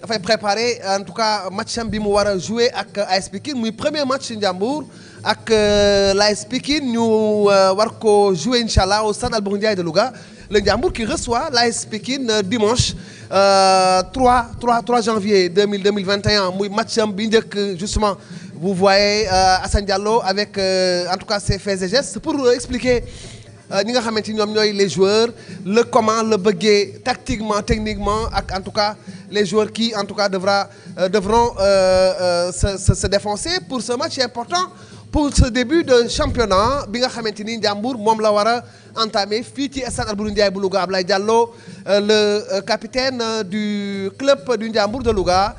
If préparer en tout cas match en Bimouara jouer ak euh, AS premier match en Ndiambour avec euh, l'AS nous ñu euh, war jouer au stade Albouri de Louga le qui reçoit l'AS dimanche 3 3 janvier 2021 muy match en justement vous voyez Assane Diallo avec en tout cas ses faits et gestes pour expliquer euh, ñi nga xamante les joueurs le comment le bëggee tactiquement techniquement ak en tout cas les joueurs qui en tout cas devra euh, devront euh, se défoncer pour ce match important pour ce début de championnat bi nga xamante ni Ndiambour moom la entamé Fiti ci stade Albouri Ndiaye Louga Diallo le capitaine du club du Ndiambour de Louga.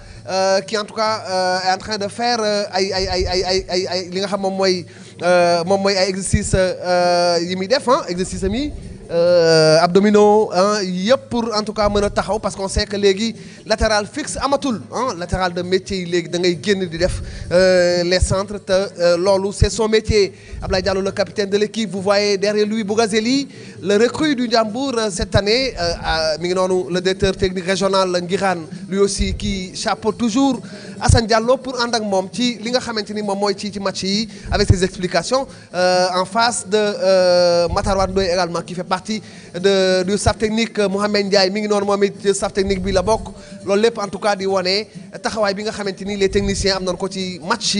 qui en tout cas est en train de faire ay ay ay euh, moom mooy ay exercice euh, yi muy def ah hein, exercice am yi euh, abdominaux ah yëpp pour en tout cas mën a taxaw parce qu'on sait que léegi latéral fixe amatul ah latéral de métier yi léegi da ngay génn di def les centres te loolu c'est son métier Abdoulaye Diallo le capitaine de l'équipe vous voyez derrière lui Bougazelli le recrue du diambour cette année mi ngi noonu le directeur technique régional Ngiran lui aussi qui chapeaute toujours Assane Diallo pour Andang Mom, ci li avec ses explications euh, en face de euh, Matarwa également qui fait partie de du staff technique euh, Mohamed Ndiaye staff technique en tout cas les techniciens match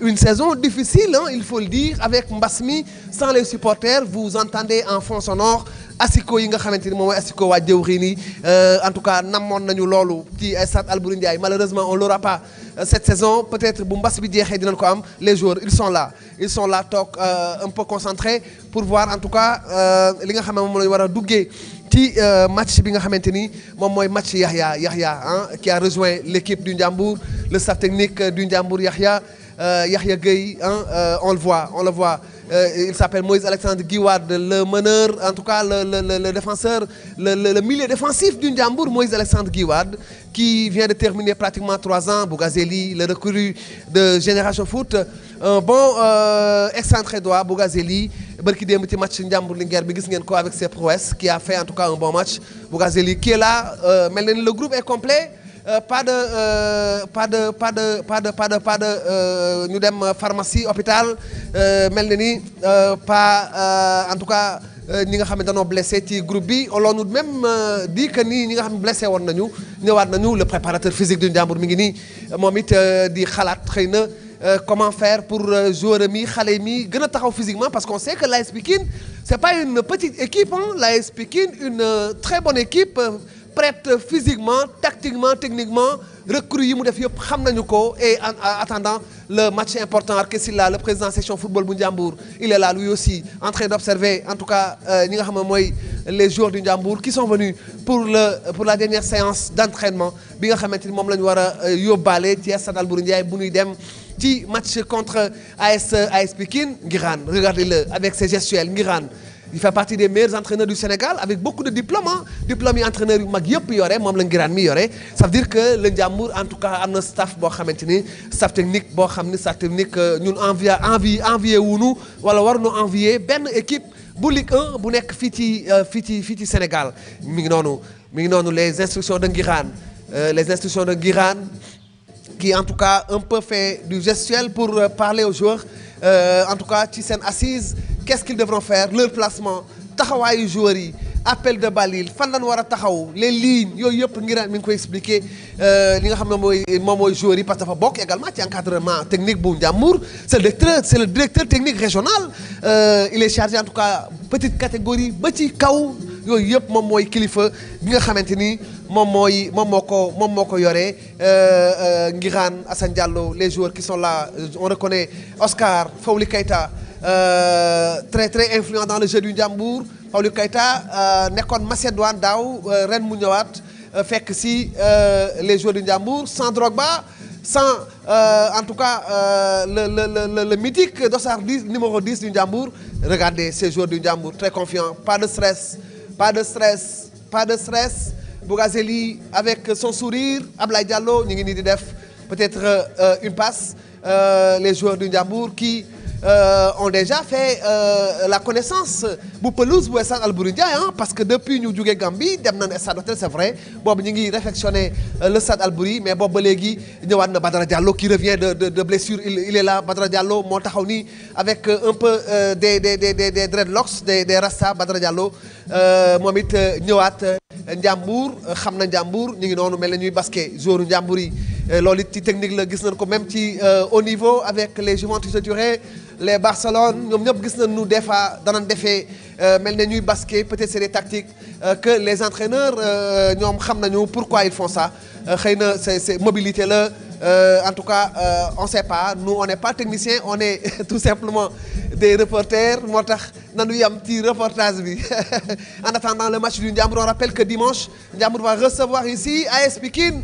une saison difficile hein, il faut le dire avec Mbassmi sans les supporters vous entendez en fond sonore asiko yi nga xamanteni ni moom mooy asiko waa jëwriñ euh, en tout cas namoon nañu loolu ci stade Albouri Ndiaye malheureusement on l'aura pas euh, cette saison peut-être bu mbass bi jeexee dinañ ko am les joueurs ils sont là ils sont là euh, un peu concentrés pour voir en tout cas euh, li nga xam mom moom wara duggé war euh, match bi nga xamanteni mom moy match Yahya Yahya hein, qui a rejoint l'équipe du Ndiambour le staff technique du Ndiambour Yahya Yahya Gueye hein, on le voit on le voit. Euh, il s'appelle Moïse Alexandre Guiward, le meneur, en tout cas le, défenseur, le, milieu défensif du Ndiambour, Moïse Alexandre Guiward, qui vient de terminer pratiquement trois ans, Bougazeli, le recrue de Génération Foot. Un bon euh, excentré droit, Bougazeli, qui a fait match Ndiambour avec ses prouesses, qui a fait en tout cas un bon match. Bougazeli qui est là, euh, mais le groupe est complet. Euh, euh, pas de pas de pas de pas de pas de euh, de pharmacie hôpital pas en tout cas blessé ci groupe on même dit que ñi blessé le préparateur physique du comment faire pour jouer mi xalé physiquement parce qu'on sait que l'AS c'est pas une petite équipe hein l'AS une très bonne équipe prête physiquement tactiquement techniquement Recruit, yi des def et en attendant le match important s'il a le président de la section football bu Ndiambour il est là lui aussi en train d'observer en tout cas euh, ñi les joueurs du Ndiambour qui sont venus pour le pour la dernière séance d'entraînement Il nga nous a euh, match contre AS AS Pikine regardez-le avec ses gestuels Ngirane il fait partie des meilleurs entraîneurs du Sénégal avec beaucoup de diplômes ah diplômes yi entraîneurs yu mag yëpp yore la mi ça veut dire que le Ndiambour en tout cas am un staff un staff technique un staff technique euh, nous envie envie envier nous, wala war envier ben équipe bu Ligue 1 bu nekk fiti, euh, ci Sénégal Nous avons les instructions de ngiraan euh, les instructions de Ngiran, qui en tout cas un peu fait du gestuel pour parler aux joueurs en tout cas ci seen assise qu'est-ce qu'ils devront faire leur placement taxawaayu joueurs appel de Balil. fan lañ wara taxaw les lignes yooyu yëpp ngi mi ngi koy expliquer euh, li nga xamne moy mooy moom parce que dafa bokk également ci encadrement technique bu Ndiambour c'est le directeur c'est le directeur technique régional euh, il est chargé en tout cas petite catégorie ba ci kaw yooyu yëpp moom mooy kilifa bi nga xamanteni ni moom mom moko moo ko euh, Ngirane Assane Diallo les joueurs qui sont là on reconnaît Oscar Fawli Keita euh, très très influent dans le jeu du Ndiambour Paul Keita euh, nekkoon Macédoine daou euh, ren mu fait que si les joueurs du Ndiambour sans Drogba sans en tout cas le le mythique dossard numéro 10 du Ndiambour regardez ces joueurs du Ndiambour très confiants pas de stress pas de stress pas de stress Bougazelli avec son sourire Ablaye Diallo peut-être une passe les joueurs du Ndiambour qui euh, ont déjà fait euh, la connaissance bu pelouse bu stade Al hein, parce que depuis ñu jógee Gambie dem nañ stade d'hôtel c'est vrai bob ñi ngi réfectionner euh, le stade Alboury mais il ba légui ñëwaat na Badara Diallo qui revient de de blessure il est là Badra Diallo mo taxaw avec euh, un peu des des des des dreadlocks des des rasta Badara Diallo. Euh, Mohamed it euh, ñëwaat euh, Njàmbur ngi technique la gis nañ même au niveau avec les Juventus de Turin les Barcelone nous ñep gis nañ nu euh, mais les ñuy basket peut-être c'est des tactiques euh, que les entraîneurs euh, pourquoi ils font ça c'est mobilité en tout cas on sait pas nous on n'est pas technicien on est tout simplement des reporters Nous avons yam reportage en attendant le match du Ndiamour, on rappelle que dimanche on va recevoir ici à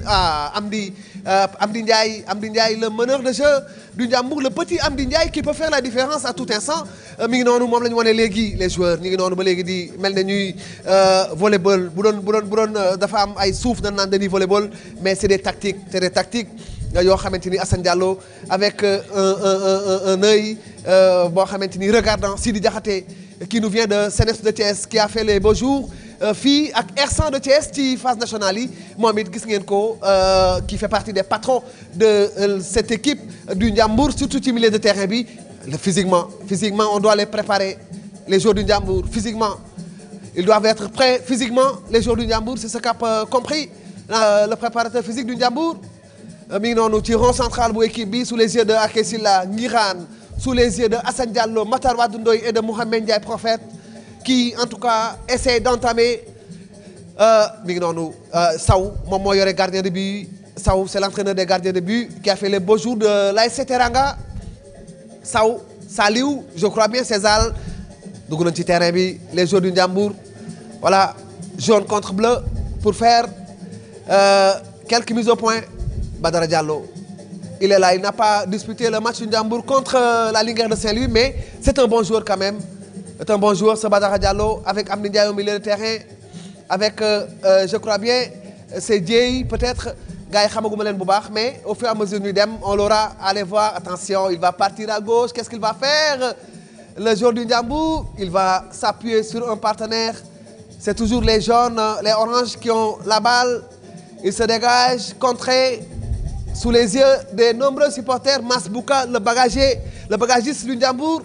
ah Amdi euh, Amdi Ndiaye, Amdi Ndiaye, le meneur de jeu du Ndiambour, le petit Amdi Ndiaye qui peut faire la différence à tout instant. Euh, mi ngi noonu moom la ñu les joueurs ñu ngi noonu ba léegi di mel ne ñuy euh, volleyball bu doon bu doon bu doon dafa am ay volleyball mais c'est des tactiques c'est des tactiques. Nous xamante Diallo avec un un un un œil boo xamante regardant Sidi Diakhaté qui nous vient de CNEPS de Thiès qui a fait les beaux jours. Euh, Fille ak r de Thiès phase nationale Mohamed Kisnienko, euh, qui fait partie des patrons de euh, cette équipe du Ndiambour surtout ci milieu de terrain physiquement physiquement on doit les préparer les jours du Ndiambour physiquement ils doivent être prêts physiquement les jours du Ndiambour c'est ce qu'a compris le préparateur physique du Ndiambour nous tirons central pour équipe sous les yeux de Akessila, Niran, sous les yeux de Hassan Diallo Matarwa Dundoy et de Mohamed Ndiaye Prophète qui en tout cas essaie d'entamer euh, nous, noonu euh, gardien de but c'est l'entraîneur des gardiens de but qui a fait les beaux jours de l'ASC Teranga Sao, salut, je crois bien César nous nañ terrain les jours du voilà jaune contre bleu pour faire euh, quelques mises au point Badara Diallo il est là il n'a pas disputé le match du contre euh, la ligue de Saint-Louis mais c'est un bon joueur quand même c'est un bonjour, Diallo, avec Amni au milieu de terrain, avec, euh, euh, je crois bien, c'est euh, peut-être, mais au fur et à mesure Nidem, on l'aura, allez voir, attention, il va partir à gauche, qu'est-ce qu'il va faire Le jour du Ndiambou, il va s'appuyer sur un partenaire, c'est toujours les jaunes, les oranges qui ont la balle, il se dégage, contré, sous les yeux des nombreux supporters, Masbouka, le bagagier, le bagagiste du Ndjambour.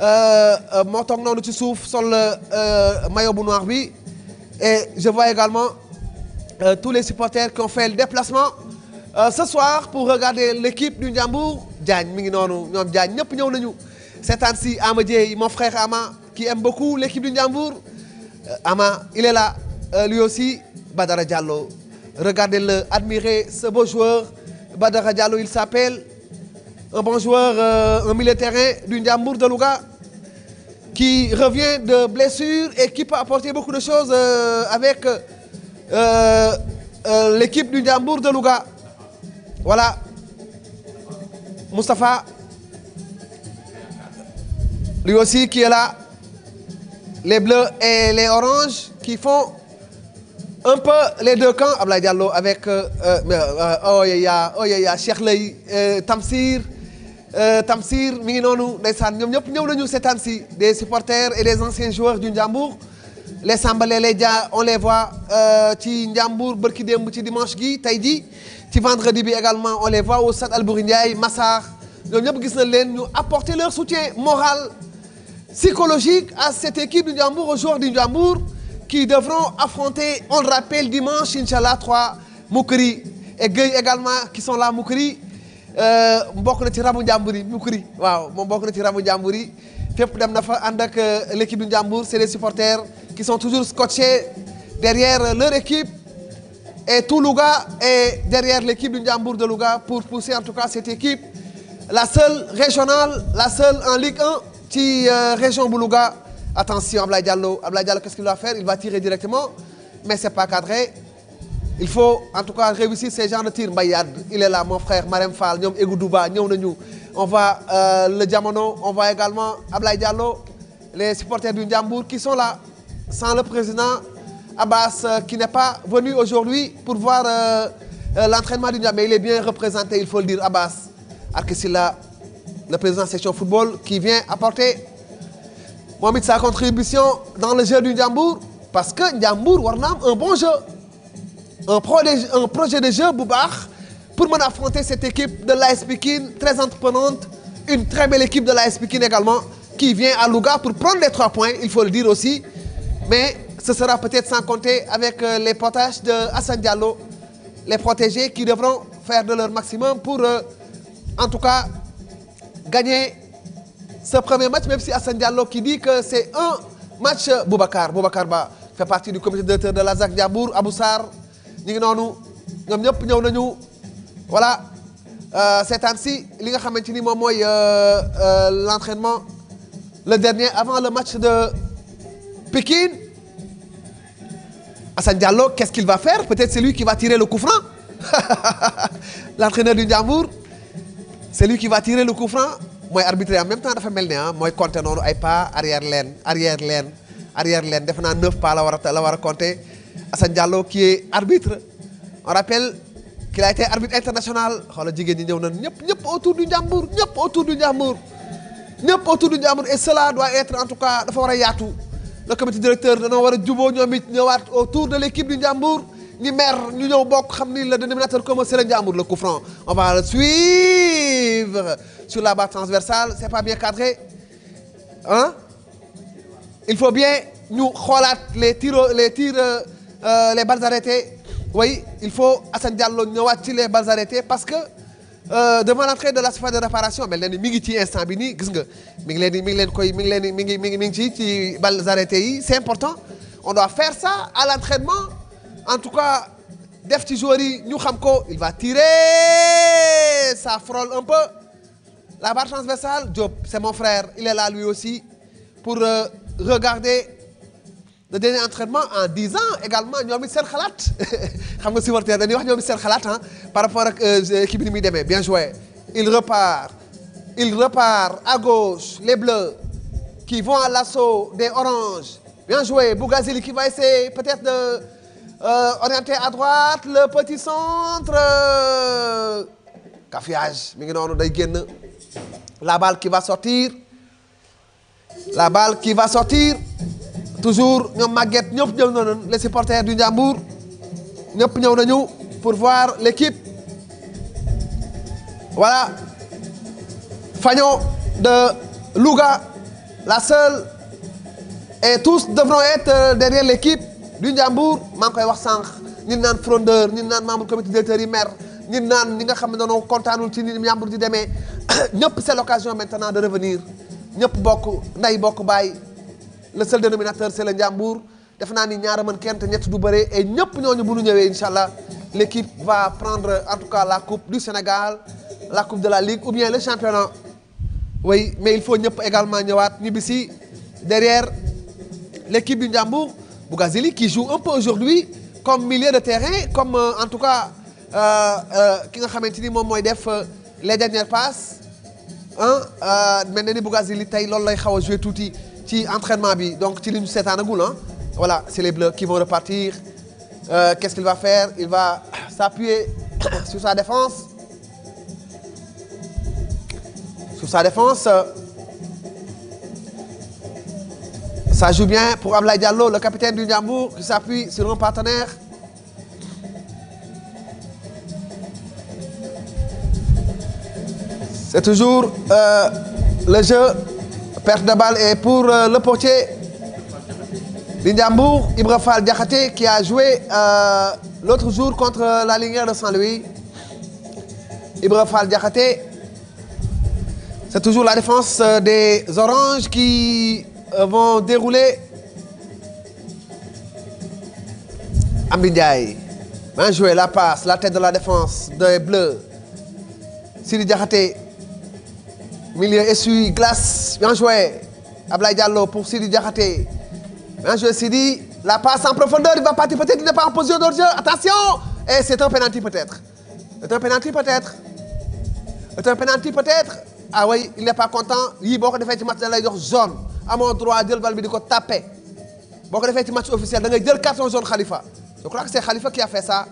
Euh, euh, mon toog de ci le sol euh, maillot noir et je vois également tous les supporters qui ont fait le déplacement ce soir pour regarder l'équipe du Ndiambour C'est ainsi Amadie, mon frère Ama qui aime beaucoup l'équipe du Ndiambour Ama il est là lui aussi Badara Diallo regardez-le admirez ce beau joueur Badara Diallo il s'appelle un bon joueur, euh, un milieu terrain du de Louga qui revient de blessure et qui peut apporter beaucoup de choses euh, avec euh, l'équipe du Ndiambour de Louga. Voilà. Mustapha, lui aussi qui est là. Les bleus et les oranges qui font un peu les deux camps. à Diallo avec euh, oh, yeah, oh, yeah, Cheikh Tamsir. Euh, Tamsir mi Nessan, nous sommes ñoom des supporters et des anciens joueurs du Ndiambour les et les Dia on les voit euh, ci Ndiambour Burkidem, ti dimanche gi Taïdi. ji vendredi également on les voit au stade Albouri Massar Nous ñëpp gis apporter leur soutien moral psychologique à cette équipe du Ndiambour aux joueurs du qui devront affronter on le rappelle dimanche inchallah trois Moukri et Gueye également qui sont là Moukri je euh, suis ci jambouri, njàmbur yi Boukry waaw bokk euh, l'équipe du jambour, c'est les supporters qui sont toujours scotchés derrière euh, leur équipe et tout Louga est derrière l'équipe du jambour de Louga pour pousser en tout cas cette équipe la seule régionale la seule en Ligue 1 qui qui région de Louga attention Ablaye Diallo Diallo qu'est-ce qu'il va faire il va tirer directement mais ce n'est pas cadré il faut en tout cas réussir ces gens de tir Mbayad il est là mon frère Marem Fall Nyom Egoudouba, Nyom Nenou. on va euh, le Diamono on va également Ablaï Diallo les supporters du Ndiambour qui sont là sans le président Abbas euh, qui n'est pas venu aujourd'hui pour voir euh, l'entraînement du Ndiambour mais il est bien représenté il faut le dire Abbas là le président section football qui vient apporter sa contribution dans le jeu du Ndiambour parce que Ndiambour Warnam, un bon jeu un, projet, un projet de jeu boubar pour m'en affronter cette équipe de l'AS très entreprenante une très belle équipe de l'AS également qui vient à Louga pour prendre les trois points il faut le dire aussi mais ce sera peut-être sans compter avec euh, les potages de Hassan Diallo les protégés qui devront faire de leur maximum pour euh, en tout cas gagner ce premier match même si Hassan Diallo qui dit que c'est un match euh, Boubacar Boubacar fait partie du comité de de ZAC Diabour Aboussar nous ngi noonu ñoom ñëpp ñëw nañu voilà euh, Cette année, li nga xamante ni moom euh, euh, l'entraînement le dernier avant le match de Pékin Assane Diallo qu'est-ce qu'il va faire peut-être c'est lui qui va tirer le coup franc l'entraîneur du Ndiambour c'est lui qui va tirer le coup franc suis arbitré en même temps dafa mel ne hein ah, moy compter noonu ay pas arrière l'aine. arrière l'aine. arrière l'aine. defe naa neuf pas la war la compter Assane Diallo qui est arbitre on rappelle qu'il a été arbitre international autour du Ndiambour autour du et cela doit être en tout cas le faut le comité directeur autour de l'équipe du Ndiambour ni maire ñu le dénominateur c'est le le coup on va suivre sur la barre transversale c'est pas bien cadré hein? il faut bien nous regarder les tirs les tirs euh, euh, les balles arrêtées oui il faut Assane Diallo ñëwaat les balles arrêtées parce que euh, devant l'entrée de la surface de réparation mais les instant bi gis balles arrêtées c'est important on doit faire ça à l'entraînement en tout cas def ci joueur, yi ñu xam il va tirer ça frôle un peu la barre transversale job, c'est mon frère il est là lui aussi pour euh, regarder le dernier entraînement en 10 ans également nous avons xam hein, par rapport à euh, équipe bien joué il repart il repart à gauche les bleus qui vont à l'assaut des oranges bien joué Bougazili qui va essayer peut-être de euh, orienter à droite le petit centre Caféage, la balle qui va sortir la balle qui va sortir toujours ñom Maguette ñop les supporters du Ndiambour ñop ñëw nañu pour voir l'équipe voilà Fagnon de Louga la seule et tous devront être euh, derrière l'équipe du Ndiambour maa koy wax sank ñi nane frondeur ñi nane membre comité directeur yi maire ñi nane ñi nga xam ne dañoo ci ni Ndiambour di démé ñop c'est l'occasion maintenant de revenir ñop bokk nday bokk bay le seul dénominateur c'est le Ndiambour def naa ni ñaara man kenn te ñett du et ñepp ñooñu bu ñu ñëwee incha l'équipe va prendre en tout cas la coupe du Sénégal la coupe de la Ligue ou bien le championnat oui mais il faut ñepp également ñëwaat ñibbisi derrière l'équipe du Ndiambour Bougazili qui joue un peu aujourd'hui comme milieu de terrain comme euh, en tout cas qui euh, euh, nga xamanteni mom les dernières passes hein euh, na ni Bougazili tay lool lay xaw a joué ci entraînement bi donc ci li hein. voilà c'est les bleus qui vont repartir euh, qu'est-ce qu'il va faire il va s'appuyer sur sa défense sur sa défense ça joue bien pour Ablaï Diallo le capitaine du Diambour qui s'appuie sur un partenaire c'est toujours euh, le jeu perte de balle est pour euh, le portier Lindambour Ibrafal Diakhaté qui a joué euh, l'autre jour contre la ligne de Saint-Louis. Ibrafal Diakhaté, c'est toujours la défense euh, des Oranges qui vont dérouler. Ambidiaï, bien joué, la passe, la tête de la défense des Bleus. Sidi Diakhaté milieu essuie-glace bien joué Ablaye Diallo pour Sidi Diakhaté bien joué Sidi la passe en profondeur il va partir peut-être il n'est pas en position d'ordre. attention et c'est un penalty peut-être c'est un penalty peut-être c'est un penalty peut-être ah oui il n'est pas content Il a fait un match dans la zone. À mon droit il va bi taper. ko tapé Il a fait un match officiel da ngay carton jaune Khalifa je crois que c'est Khalifa qui a fait ça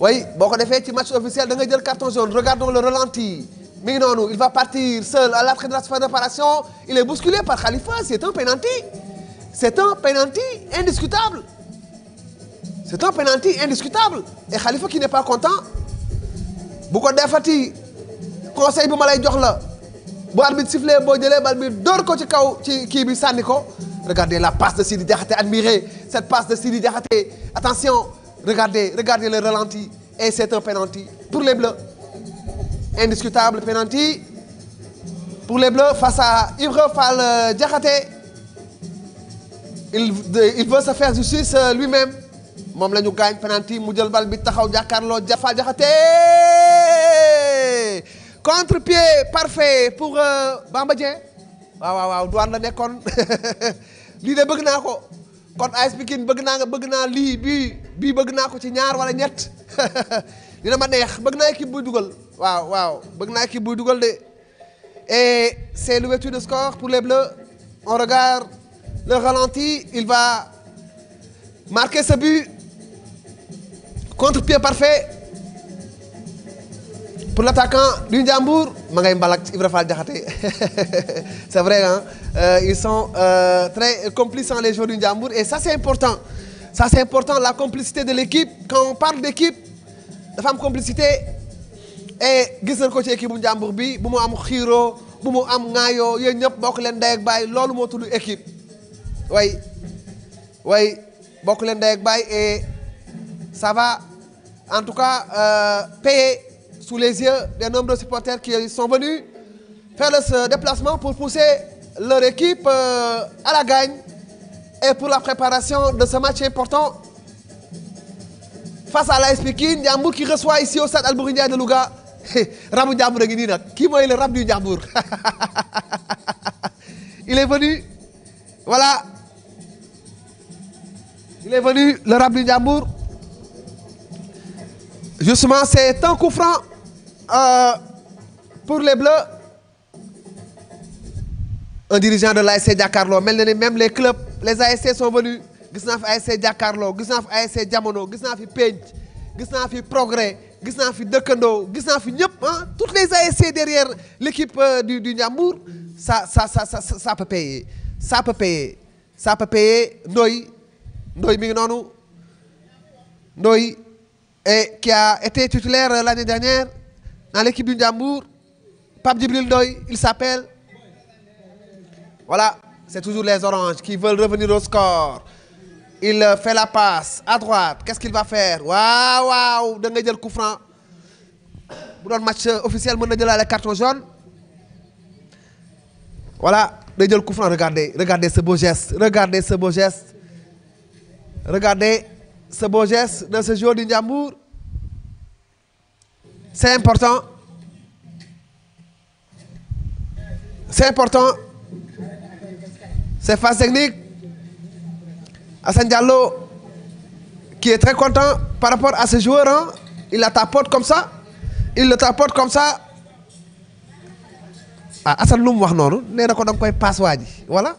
oui on a fait un match officiel da ngay jël carton jaune regardons le ralenti Mais non, il va partir seul à l'entrée de la réparation il est bousculé par Khalifa c'est un penalty c'est un penalty indiscutable c'est un penalty indiscutable et Khalifa qui n'est pas content Beaucoup de defati conseil bu Malay lay jox la arbitre sifflé boo jëlee bi d'or ko ci kaw regardez la passe de Sidi Diakhaté admirez cette passe de Sidi attention Regardez, regardez le ralenti. Et c'est un penalty pour les Bleus. Indiscutable pénalty pour les Bleus face à Ivre Fall euh, Diakate. Il, il, veut se faire justice euh, lui-même. Mom la gagne nous penalty mu jël bal bi taxaw contre-pied parfait pour euh, Bamba Dieng waouh, waouh, waaw douane la nekkoon L'idée de bëgg kon AS Pikine bëgg naa nga bëgg naa lii bii bii bëgg naa ko ci ñaar wala ñett dina ma neex bëgg naa équipe buy dugal waaw waaw bëgg naa équipe buy dugal de et c'est l'ouverture de score pour les Bleus on regarde le ralenti il va marquer ce but contre-pied parfait pour l'attaquant du Ndiambour, Mangay Mbalak, Ibra Fall c'est vrai, hein? euh, ils sont euh, très complices les joueurs du Ndiambour et ça c'est important. Ça c'est important, la complicité de l'équipe. Quand on parle d'équipe, la femme complicité et gis nañ ko ci équipe Ndiambour bi bumo mu am xiiroo bu mu am ŋaayoo yéen ñëpp bokk leen ndey ak baay loolu moo tudd équipe way way bokk leen ndey ak et ça va en tout cas euh, payer sous les yeux des nombreux supporters qui sont venus faire ce déplacement pour pousser leur équipe euh, à la gagne et pour la préparation de ce match important face à l'AS Pikine Diambour qui reçoit ici au stade Albouri de Louga Rabou Diambour, qui ngi qui le Rabou du il est venu voilà il est venu le Rabou du justement c'est un coup franc euh, pour les Bleus, un dirigeant de l'ASC Diakarlo même les clubs les ASC sont venus Gisnaf ASC Diakarlo gis ASC Diamono, Gisnaf Pench, Gisnaf Progrès Gisnaf Dekendo, Gisnaf Nyup, ah, toutes les ASC derrière l'équipe euh, du du ça ça ça ça ça peut payer ça peut payer ça peut payer Nous, nous, eh, qui a été titulaire euh, l'année dernière dans l'équipe du Ndiambour. Pape Djibril Doy, il s'appelle. Voilà, c'est toujours les oranges qui veulent revenir au score. Il fait la passe à droite. Qu'est-ce qu'il va faire Waouh, waouh De ngay le Pour match officiel mën a les carton jaune. Voilà, day Koufran, Regardez, regardez ce beau geste. Regardez ce beau geste. Regardez ce beau geste de ce joueur du Ndiambour. C'est important. C'est important. C'est face technique. Hassan Diallo, qui est très content par rapport à ce joueur, hein. il la tapote comme ça. Il le tapote comme ça. Ah, Hassan Loum, non, il passe. Voilà.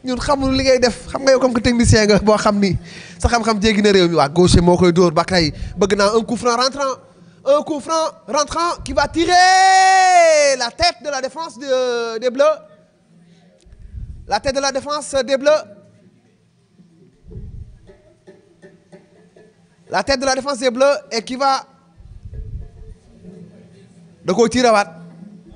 ñun xamul li ngay def xam nga yow comme que technicien nga boo xam ni sa xam-xam jéggi na réew mi waa gaucher moo koy ba un coup franc rentrant un coup franc rentrant qui va tirer la tête de la défense de des bleus la tête de la défense des bleus la tête de la défense des bleus et qui va da tirer tirewaat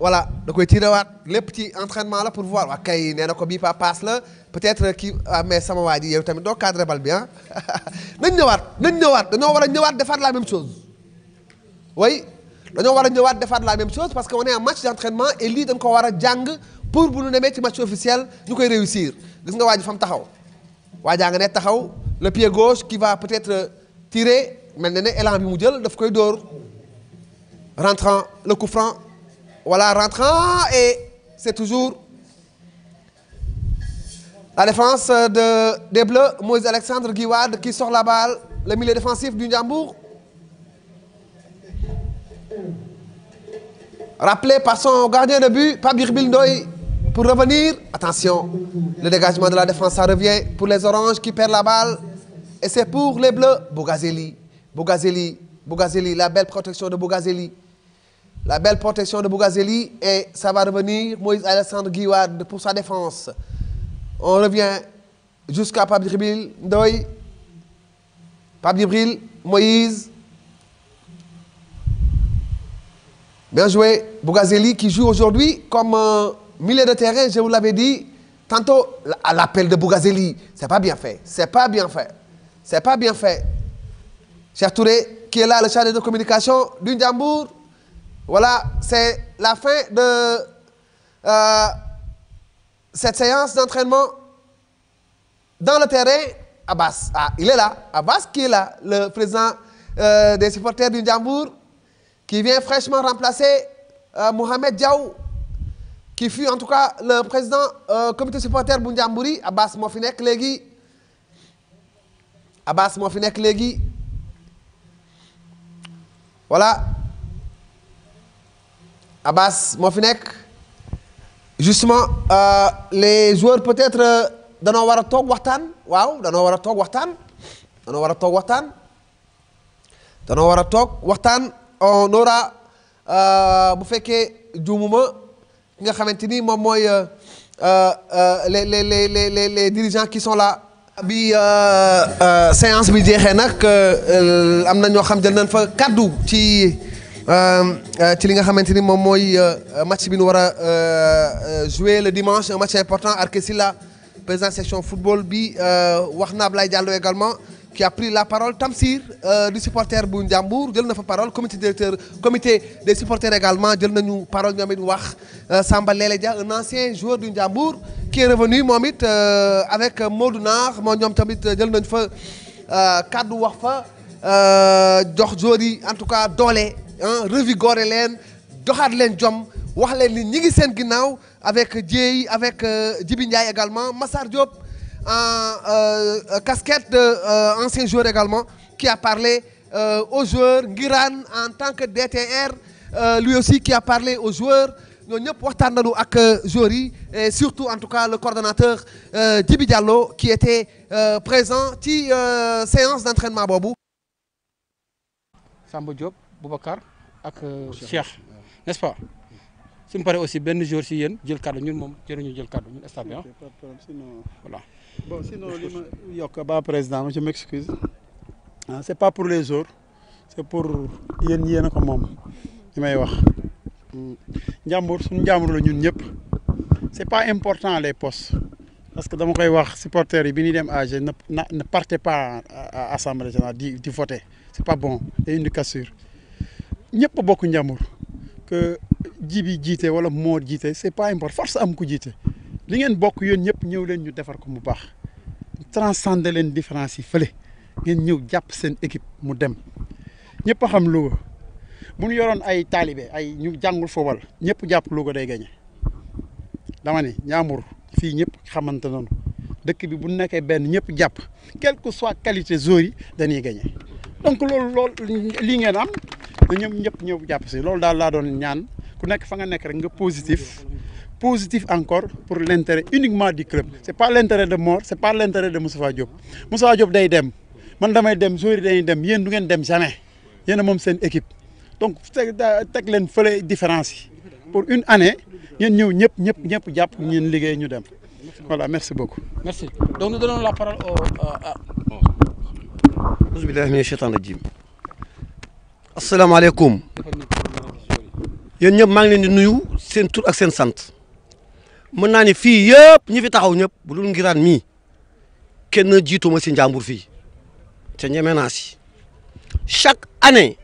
voilà da koy tire lépp ci entraînement là pour voir waa kay nee na ko pas passe là. peut-être kii ah, mais sama waa ji yow tamit doo cadre bal bien. ah nañ ñëwaat nañ ñëwaat dañoo war a ñëwaat faire la même chose way dañoo war a ñëwaat faire la même chose parce que on est en match d'entraînement et lii dañ ko war jang pour bu ñu demee ci match officiel nous pouvons réussir nous nga waa ji fa mu taxaw waa jaa nga taxaw le pied gauche qui va peut-être tirer mel na ne élan bi mu jël daf koy d'or rentrant le coup franc voilà, rentrant et c'est toujours la défense des Bleus, Moïse Alexandre Guiwad qui sort la balle, le milieu défensif du Ndjambour. Rappelé par son gardien de but, Pabir Bildoy, pour revenir. Attention, le dégagement de la défense, ça revient pour les Oranges qui perdent la balle. Et c'est pour les Bleus, Bogazeli, Bogazeli, Bogazeli, la belle protection de Bogazeli. La belle protection de Bougazeli et ça va revenir Moïse Alessandre Guiwad pour sa défense. On revient jusqu'à Pabdibril Ndoy. Pabdibril, Moïse. Bien joué. Bougazeli qui joue aujourd'hui comme un euh, milieu de terrain, je vous l'avais dit. Tantôt, à l'appel de Bougazeli, c'est pas bien fait. C'est pas bien fait. C'est pas bien fait. Cher Touré, qui est là, le chargé de communication du voilà, c'est la fin de euh, cette séance d'entraînement dans le terrain. Abbas, ah, il est là. Abbas qui est là, le président euh, des supporters du Ndjambour, qui vient fraîchement remplacer euh, Mohamed Diaou, qui fut en tout cas le président du comité supporter du Abbas Mofinek Legui. Abbas Mofinek Legui. voilà. Abbas Mofinek. justement euh, les joueurs peut-être euh, dans war a toog Wow, waaw danoo a dans waxtaan danoo war dans toog waxtaan danoo On a on aura euh, bu faire les dirigeants qui sont là. bi séance bi jeexee nag am xam euh, euh, ci li nga ni moom euh, match bi ñu war jouer le dimanche un match important Arkesila Silla président section football bi wax Diallo également qui a pris la parole Tamsir du supporter bu Ndiambour jël na fa parole comité directeur comité des supporters également jël nañu parole ñoom it wax Samba Lele Dia un ancien joueur du Ndiambour qui est revenu moom avec Modunar, Naar moom ñoom tamit jël nañ fa kàddu wax fa jox yi en tout cas doole un hein, revigorer leen joxaat leen jom wax len ni ngi avec Dieye avec euh, Djibi également Massar Diop en euh, casquette de euh, ancien joueur également qui a parlé aux joueurs ngiran en tant que DTR lui aussi qui a parlé aux joueurs ñooñu ñëpp waxtaan nañu ak joueurs yi et surtout en tout cas le coordonnateur Djibi Diallo qui était présent ci séance d'entraînement bobou sambo Diop. Boubacar ak euh, Cheikh n'est-ce pas suñ paree aussi ben jour si yéen jël cadeau. ñun moom jëriñu jël kàddu ñun instant bi ah. euh, voilà bon sinon li ma yokk ba président je m'excuse ah c'est pas pour les autres c'est pour yéen yéen a ko moom li may wax hmm. njàmbur suñu njàmbur la ñun ñëpp c'est pas important les postes parce que dama koy wax supporters yi bi ñuy dem AG na ne partez pas à assemblée générale di di voter c'est pas bon c'est une cassure ñëpp bokk njàmbur que ji jiite wala moo jiite c'est pas important force am ku jiite li ngeen bokk yoon ñëpp ñëw leen ñu defar ko mu baax transcender leen différence yi fële ngeen ñëw jàpp seen équipe mu dem ñëpp a xam Louga bu ñu yoroon ay taalibe ay ñu jàngul foobal ñëpp jàpp Louga day gañe dama ne njàmbur fii ñëpp xamante noonu dëkk bi bu nekkee benn ñëpp jàpp quelle que soit qualité joueurs yi dañuy gañe donc loolu loolu lii ngeen am Nous sommes tous les positif positif encore pour l'intérêt uniquement du club Ce est pas l'intérêt de mort, ce n'est pas l'intérêt de Moussa Diop Moussa Diop day dem man jamais équipe donc leen différence pour une année nous merci beaucoup. merci donc nous donnons la parole au. Euh, asalaamaaleykum yéen ñëpp maa ngi leen di nuyu seen tur ak seen sant mën naa ni fii yëpp ñi fi taxaw ñëpp bu dul ngiraan mii kenn jiitu ma si njàmbur fii te ñeme naa chaque année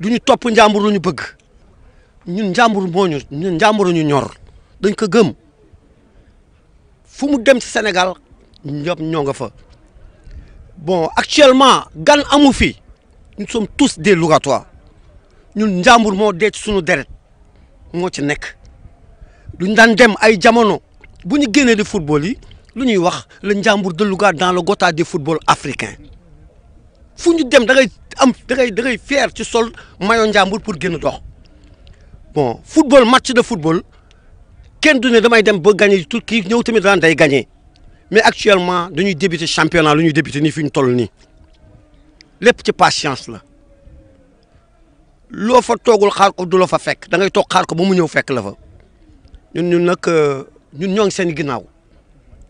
du ñu topp njàmbur lu ñu bëgg ñun njàmbur moo ñu ñun njàmbur ñu ñor dañ ko gëm fu mu dem senegal Sénégal ñëpp ñoo nga fa bon actuellement gan amu fii nous sommes tous des locataires Nous njàmbur moo des ci Nous sommes moo ci nous..! Nous des dem ay jamono bu nous Nous football yi le dans le Gotha du football africain Nous sommes dem da ngay am da ngay da ngay fier pour sommes bon football match de football tout qui tamit mais actuellement nous débuter championnat Nous débutons débuter lépp ci patience la lo fa togul xaar ko du la fa fekk da ngay tok xaar ko ba mu ñew fekk la fa ñun ñun nak euh, ñun ñong seen ginaaw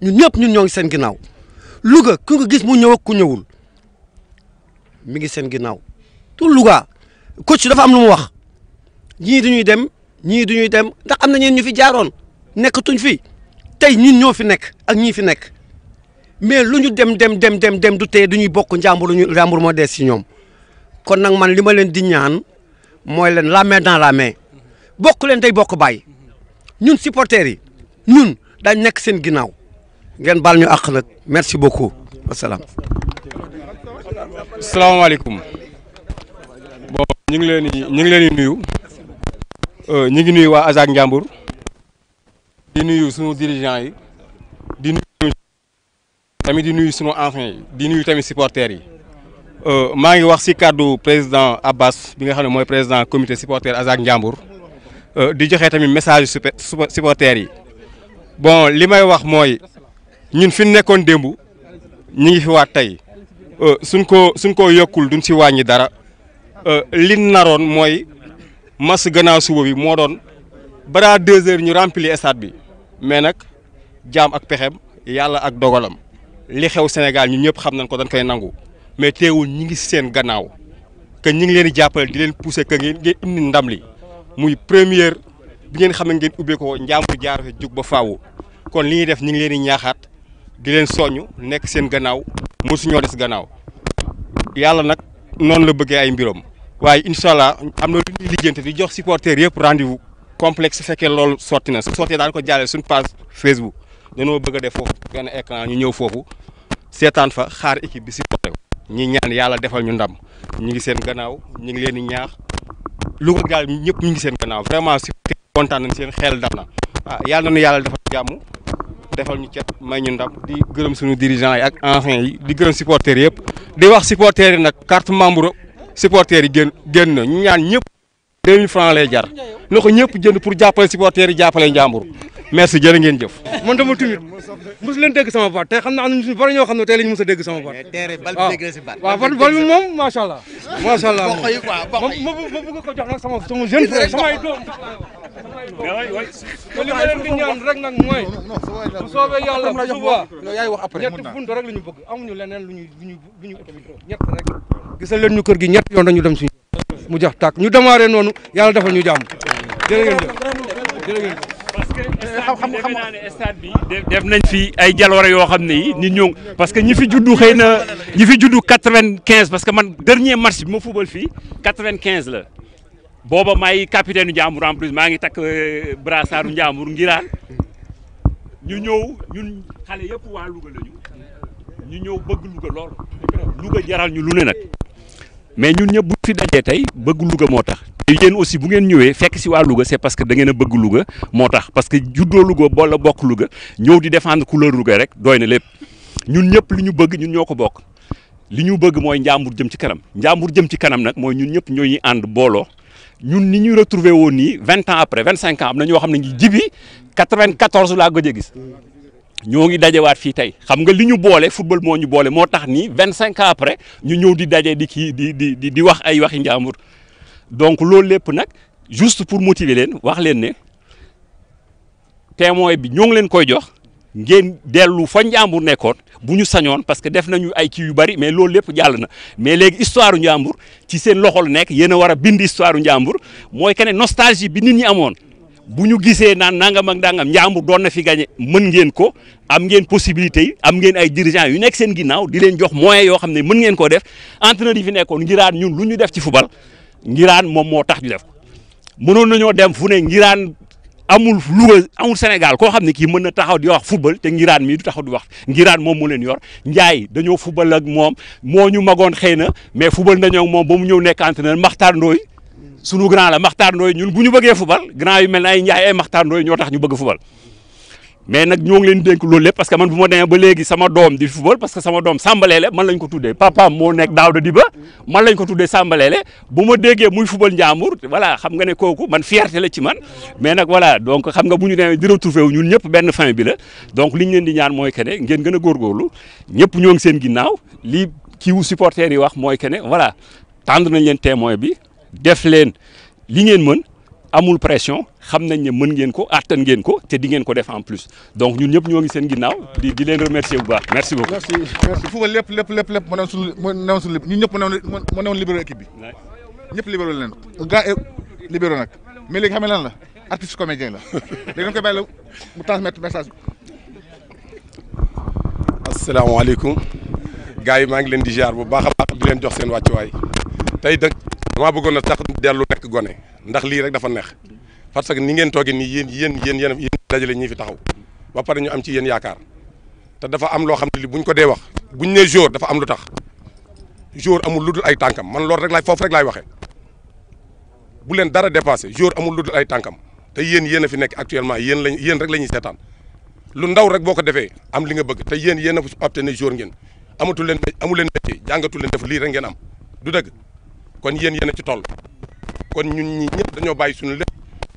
ñun ñepp ñun ñong seen ginaaw Louga ku ko gis mu ñew ak ku ñëwul mi ngi seen ginnaaw tout Louga coach dafa am lu mu wax ñi duñuy dem ñi duñuy dem ndax am na ñeen ñu fi jaaroon nekkatuñ fi tay ñun ñoo fi nekk ak ñi fi nekk. mais lu ñu dem dem dem dem dem du tee du ñuy bokk njàmbur ñu njàmbur moo des si ñoom kon nag man li ma leen di ñaan mooy leen la main dans la main bokk leen day bokk bàyyi ñun supporters yi ñun dañ nekk seen ginnaaw ngeen bal ñu àq nag merci beaucoup wasalaam. salaamaaleykum bon ñu ngi leen ñu ngi leen di nuyu euh, ñu ngi nuyu waa Azac Ndiambour di nuyu sunu dirigeants yi tamit di nuyu sunu enfants yi di nuyu tamit supporters yi euh, maa ngi wax si kàddu président Abbas bi nga xam ne mooy président comité supporter Azak Ndiambour euh, di joxe tamit message supporters yi bon li may wax mooy ñun fi nekkoon démb ñu ngi fi waat tey euh, suñ ko suñ ko yokkul duñ si wàññi dara li naroon mooy mas gannaaw suba bi moo doon balaa deux heures ñu remplir stade bi mais nag jaam ak pexem yàlla ak dogalam. li xew Sénégal ñu ñëpp xam nañ ko dañ koy nangu mais teewul ñi ngi seen gannaaw que ñi ngi leen di jàppale di leen pousser que ngeen ngeen indi ndam li muy première bi ngeen xam ne ngeen ubbee ko njàmbur jaar fi jug ba faawu kon li ñu def ñi ngi leen di ñaaxaat di leen soññ nekk seen gannaaw mosuñoo des gannaaw yàlla nag noonu la bëggee ay mbirom waaye incha allah am na lu ñuy lijjante di jox supporters yëpp rendez-vous complexe su fekkee loolu sotti na su sottee daan ko jàllale suñu page Facebook. dañoo bëgg a def foofu benn écran ñu ñëw foofu seetaan fa xaar équipe bi supporté ko ñi ñaan yàlla defal ñu ndam ñu ngi seen gannaaw ñu ngi leen di ñaax lu ko gaal ñëpp ñu ngi seen gannaaw vraiment supporté kontaan nañ seen xel dal ah yàlla nañu yàlla defal jàmm defal ñu cet may ñu ndam di gërëm suñu dirigeant yi ak anciens yi di gërëm supporters yëpp di wax supporters yi nag carte membre supporters yi génn génn na ñu ñaan ñëpp 2000 francs lay jar na ko ñëpp jënd pour jàppale supporters yi jàppale njàmbur merci jërë ngeen jëf. man dama timide mosu leen dégg sama baat te xam naa na ñu bari ñoo xam ne tey la ñu mos a dégg sama baat. waaw waaw bal bi moom macha allah. moom ma ma ko jox nag sama sama jeune frère samay doom. te li ma leen di ñaan rek nag mooy. bu soobee yàlla bu subaa ñetti bunt ñu leneen lu ñuy lu ñuy lu ñuy ñett rek. leen ñu kër gi ñett yoon dañu dem suñu mu jax tàkk ñu démarré noonu yàlla defal ñu jàmm parce que eh, xam xam naa ne stade bi def nañ fi ay jaloore yoo xam ne yi ni ñoo parce que ñi fi juddu xëy na ñi fi juddu quatre-vingt-quinze parce que man dernier match bi ma football fii quatre la booba maay capitaine u Ndiambour en plus maa ngi takk euh, brassard u Ndiambour ngiraan ñu ñëw ñun xale yëpp waa Louga lañu ñu ñëw bëgg Louga lool Louga jaral ñu lu ne nag mais ñun ñëpp bu fi dajee tey bëgg Louga moo tax Si vous aussi bu ngeen que si c'est parce que da ngeen bëgg Louga parce que vous Louga boole bokk Louga ñëw di défendre couleur Louga rek doy na ñun ñëpp li ñu bëgg ñun vous li ñu bëgg jëm ci kanam jëm ci kanam ñun ni ñu ans après vingt ans am na xam avez jibi gis ñoo ngi football 25 ans après ñu ñëw di daje di donc loolu juste pour motiver leen wax leen ne témoin bi ñoo ngi koy jox ngeen dellu parce que def nañu mais loolu lépp na mais léegi histoire ci seen loxol histoire nostalgie bi nit ñi amoon bu ñu gisee naan nangam ak nangam na fi gagné ngeen ko am possibilité am ngeen ay dirigeants yu nekk seen ginnaaw di jox ngeen def entraîneur football ngiraan moom moo tax ñu def ko mënoon nañoo dem fu ne ngiraan amul Louga amul senegal koo xam ne kii mën na taxaw di wax football te ngiraan mii du taxaw di wax ngiraan moom moo leen yor Ndiaye dañoo football ak moom moo ñu magoon xëy na mais football nañoo ak moom ba mu ñëw nekk entraîneur Makhtar Ndoye sunu grand la Makhtar Ndoye ñun bu ñu bëggee football grand yu mel na ay Ndiaye ay Makhtar Ndoye ñoo tax ñu bëgg football mais nak ñoo ngi leen denk loolu lépp parce que man bu ma demee ba léegi sama doom di football parce que sama doom sàmbaleele man lañ ko tuddee papaam moo nekk Daouda Diba man lañ ko tuddee sàmbaleele bu ma déggee muy football Ndiambour voilà xam nga ne kooku man fierté la ci man mais nag voilà donc xam nga bu ñu demee di retrouvé wu ñun ñëpp benn fin bi la donc li ñu leen di ñaan mooy que ne ngeen gën a góorgóorlu ñëpp ñoo ngi seen ginnaaw li ki wu supporters yi wax mooy que ne voilà tendre nañ leen témoin bi def leen li ngeen mën amul pression xam nañ ne mën ngeen ko attan ngeen ko te di ngeen ko def en plus donc ñun ñëpp ñoo ngi seen ginnaaw di di leen remercier bu baax merci beaucoup. merci merci fu ko lépp lépp lépp lépp ma newoon suñu ma lépp ñun ñëpp ma newoon libéraux équipe bi ñëpp libéraux leen gaa libéraux nag mais léegi xam nga lan la artiste comédien la léegi dañ koy bàyyi la mu transmettre message assalamu asalaamaaleykum. gars yi maa ngi leen di ziar bu baax a baax di leen jox seen wàccuwaay tey nag maa bëggoon a sax dellu nekk gone ndax lii rek dafa neex parce que ni ngeen toogee nii yéen yéen yéen yéen yéen dajale ñi fi taxaw ba pare ñu am ci yéen yaakaar te dafa am loo xam ne li buñ ko dee wax buñ nee jour dafa am lu tax jour amul lu dul ay tànkam man loolu rek laay foofu rek laay waxee bu leen dara dépassé jour amul lu dul ay tànkam te yéen yéen a fi nekk actuellement yéen lañ yéen rek la ñuy seetaan lu ndaw rek boo ko defee am li nga bëgg te yéen yéen a opté ne jour ngeen amatul leen amul leen métier leen def lii rek ngeen am du dëgg kon yéen yéen a ci toll kon ñun ñi ñëpp dañoo bàyyi suñu lépp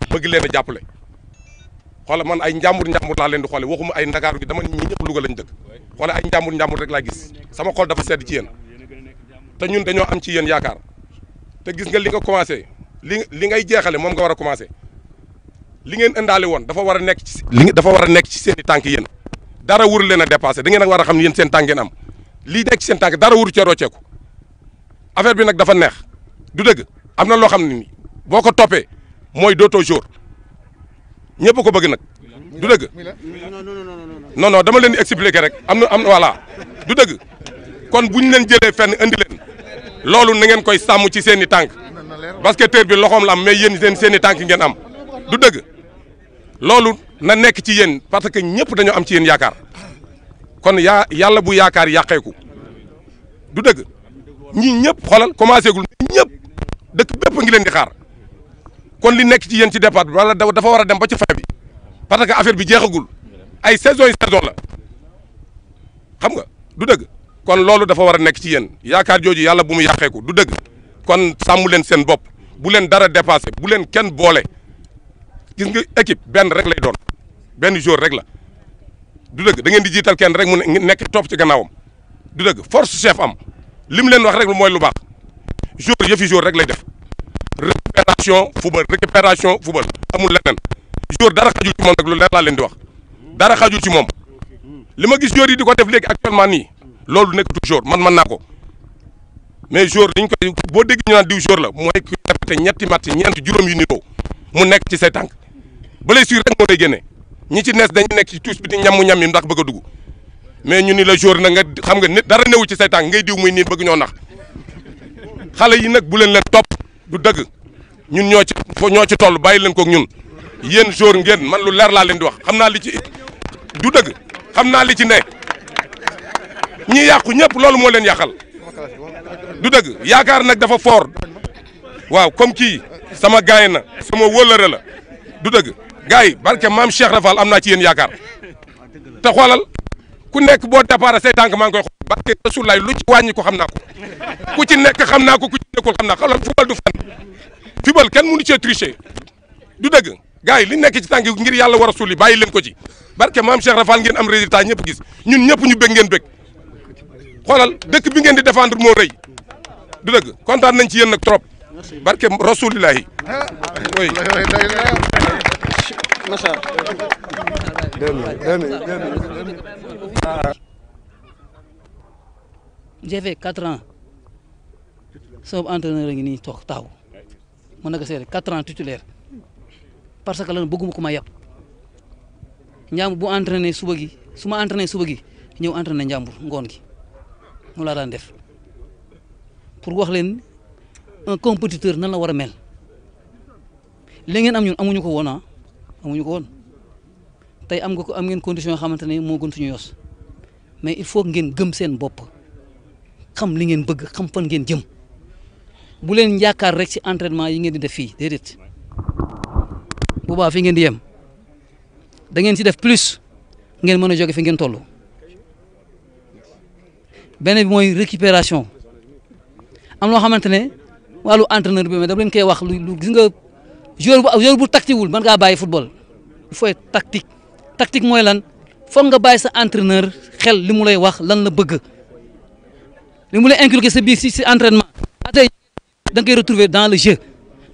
bëgg leen a jàppale xoola man ay njàmbur njàmbur laa leen xoole waxuma ay ndakaaru gi dama ñëpp Louga lañ dëkk xoola ay njàmbur njàmbur rek laa gis sama xol dafa sedd ci yéen te ñun dañoo am ci yéen yaakaar te gis nga li nga commencé li li ngay jeexale moom nga war a commencé li ngeen indaale woon dafa war a nekk ci li dafa a nekk ci seen tànk yéen dara wur leen a dépassé da ngeen a war a xam ne yéen seen tànk am lii nekk seen tànk dara wuru ca rocceeku affaire bi nag dafa neex du dëgg am na loo xam ne ni boo ko toppee mooy dootoo jour ñëpp ko bëgg nag du dëgg non non dama leen di expliquer rek am na am voilà du dëgg kon bu ñu leen jëlee fenn indi leen loolu na ngeen koy sàmm ci seen i tànk basketteur bi loxoom la am mais yéen seen seen i tànk ngeen am du dëgg loolu na nekk ci yéen parce que ñëpp dañoo am ci yéen yaakaar kon yaa yàlla bu yaakaar yàqeeku du dëgg ñii ñëpp xoolal commencé gul ñëpp dëkk bépp ngi leen di xaar kon li nekk ci yéen ci départ wala dafa war a dem ba ci fin bi parce que affaire bi jeexagul ay saison yi saison la xam nga du dëgg kon loolu dafa war a nekk ci yéen yaakaar jooju yàlla bu mu yàqee ko du dëgg kon sàmmu leen seen bopp bu leen dara dépassé bu leen kenn boole gis nga équipe benn rek lay doon benn jour rek la. du dëgg da ngeen di jiital kenn rek mu nekk topp ci gannaawam du dëgg force chef am li mu leen wax rek mooy lu baax jour yëfi jour rek lay def récupération football récupération football amul leneen jour dara xajul ci moom nag lu leer laa leen di wax dara xajul ci moom li ma gis jour yi di ko def léegi actuellement nii loolu nekk du jour man mën naa ko mais jour dañ koy boo dégg ñu naan diw jour la mooy ku te ñetti match ñeent juróom yu nitoo mu nekk ci say tànk blessure rek moo lay génne ñi ci nees dañu nekk ci tuus bi di mu ñam yi ndax bëgg a dugg mais ñu ni la jour na nga xam nga dara newu ci say tànk ngay diw muy nii bëgg ñoo nax xale yi nag bu leen leen topp du dëgg ñun ñoo ci ñoo ci toll bàyyi leen kook ñun yéen jour ngeen man lu leer laa leen di wax xam naa li ci du dëgg xam naa li ci ne ñi yàqu ñëpp loolu moo leen yàqal du dëgg yaakaar nag dafa fort waaw comme kii sama gaay na sama wóllëre la du dëgg gars yi barke maam Cheikh Rafal am naa ci yéen yaakaar te xoolal ku nekk boo départ say tànk maa ngi koy xool barke rasulaay lu ci wàññi ko xam naa ko ku ci nekk xam naa ko ku ci nekkul xam naa ko xoolal fubal du fenn fubal kenn mënu cee tricher du dëgg gars yi li nekk ci tànk ngir yàlla war a suul yi bàyyi leen ko ci barke maam Cheikh Rafal ngeen am résultat ñëpp gis ñun ñëpp ñu bëgg ngeen bëgg xoolal dëkk bi ngeen di défendre moo rëy du dëgg kontaan nañ ci yéen nag trop barke rasulillahi macha Allah. j'ai fait quatre ans sama entraîneur a ngi nii toog taxaw ma naka seere quatre ans titulaire parce que lan bëgguma ku ma yàpp njàmbur bu entraîné suba gi suba gi gi daan def pour wax leen un compétiteur nan la war mel li ngeen am ñun amuñu ko ah amuñu ko won tay am nga ko am ngeen condition yoo xamante ne gën suñu yoss mais il faut ngeen gëm seen bop xam li ngeen bëgg xam fan ngeen jëm bu len yaakaar rek ci entraînement yi ngeen di def fi dedet bu ba fi ngeen di yem da ngeen ci def plus ngeen mëna joggé fi ngeen tollu beneen bi moy récupération am lo xamantene walu entraîneur bi mais daf len kay wax lu gis nga. joueur bu joueur bu tactiquewul mën ngaa bàyyi football il faut tactique tactique mooy lan foog nga bàyyi sa entraîneur xel li mu lay wax lan la bëgg li mu lay inculquer sa biir si si entraînement atay da nga koy retrouver dans le jeu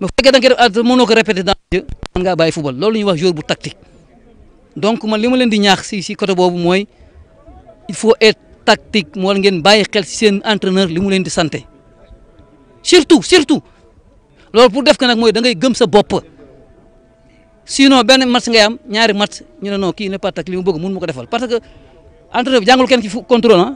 mais fekkee da nga koy def ko répéter dans le jeu mën ngaa bàyyi football loolu la ñuy wax joueur bu tactique donc man li ma leen di ñaax si si côté boobu mooy il faut être tactique moo ngeen bàyyi xel si seen entraîneur li mu leen di santé surtout surtout loolu pour def ko nak moy da ngay gëm sa bop sino ben match ngay am ñaari match ñu ne non ki ne patak li mu bëgg mu ko defal parce que entraîneur jangul ken kenn ki contrôle ah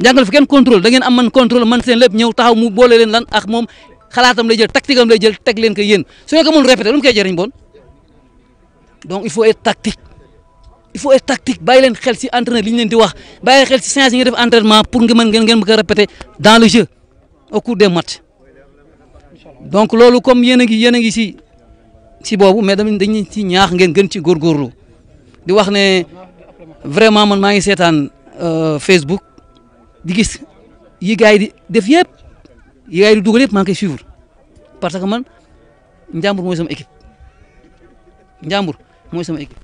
jangul fi ken contrôle da ngeen am man contrôle man seen lepp ñew taxaw mu bolé len lan ak mom xalaatam lay jël tactique am lay jël tek len ko yeen su ne ko mën répéter lu mu jëriñ bon donc il faut être tactique il faut être tactique bay len xel ci entraîneur li ñu leen di wax bay xel ci séance yi def entraînement pour nga mën ngeen ngeen bëgg répéter dans le jeu au cours des matchs donc loolu comme yéen a ngi yéen a ngi si si boobu mais dañuy dañuy ci ñaax ngeen gën ci góorgóorlu di wax ne vraiment man maa ngi seetaan euh, Facebook di gis yi yi di def yëpp yi gars yi di dugal yëpp maa ngi koy suivre parce que man Njàmbur mooy sama équipe Njàmbur mooy sama équipe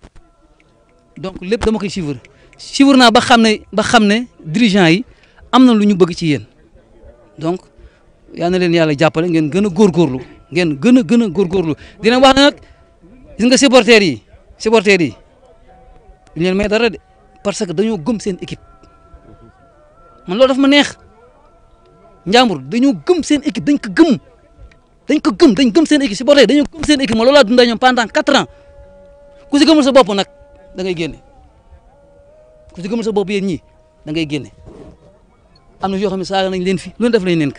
donc lépp dama koy suivre suivre naa ba xam ne ba xam yi am na lu ñu bëgg ci yéen yal na leen yàlla jàppale ngeen gëna gor gorlu ngeen gëna gëna gor gorlu dina wax nak gis nga supporter yi supporter yi ñu leen may dara de parce que dañu gëm seen équipe man lo daf ma neex njàmbur dañu gëm seen équipe dañ ko gëm dañ ko gëm dañ gëm seen équipe supporter dañu gëm seen équipe ma la dundee ñoom pendant 4 ans ku ci gëmul sa bop nak da ngay génne ku ci gëmul sa bop yeen ñi da ngay génne amna yo xamni xam ne nañ leen fi lu def nañ nenk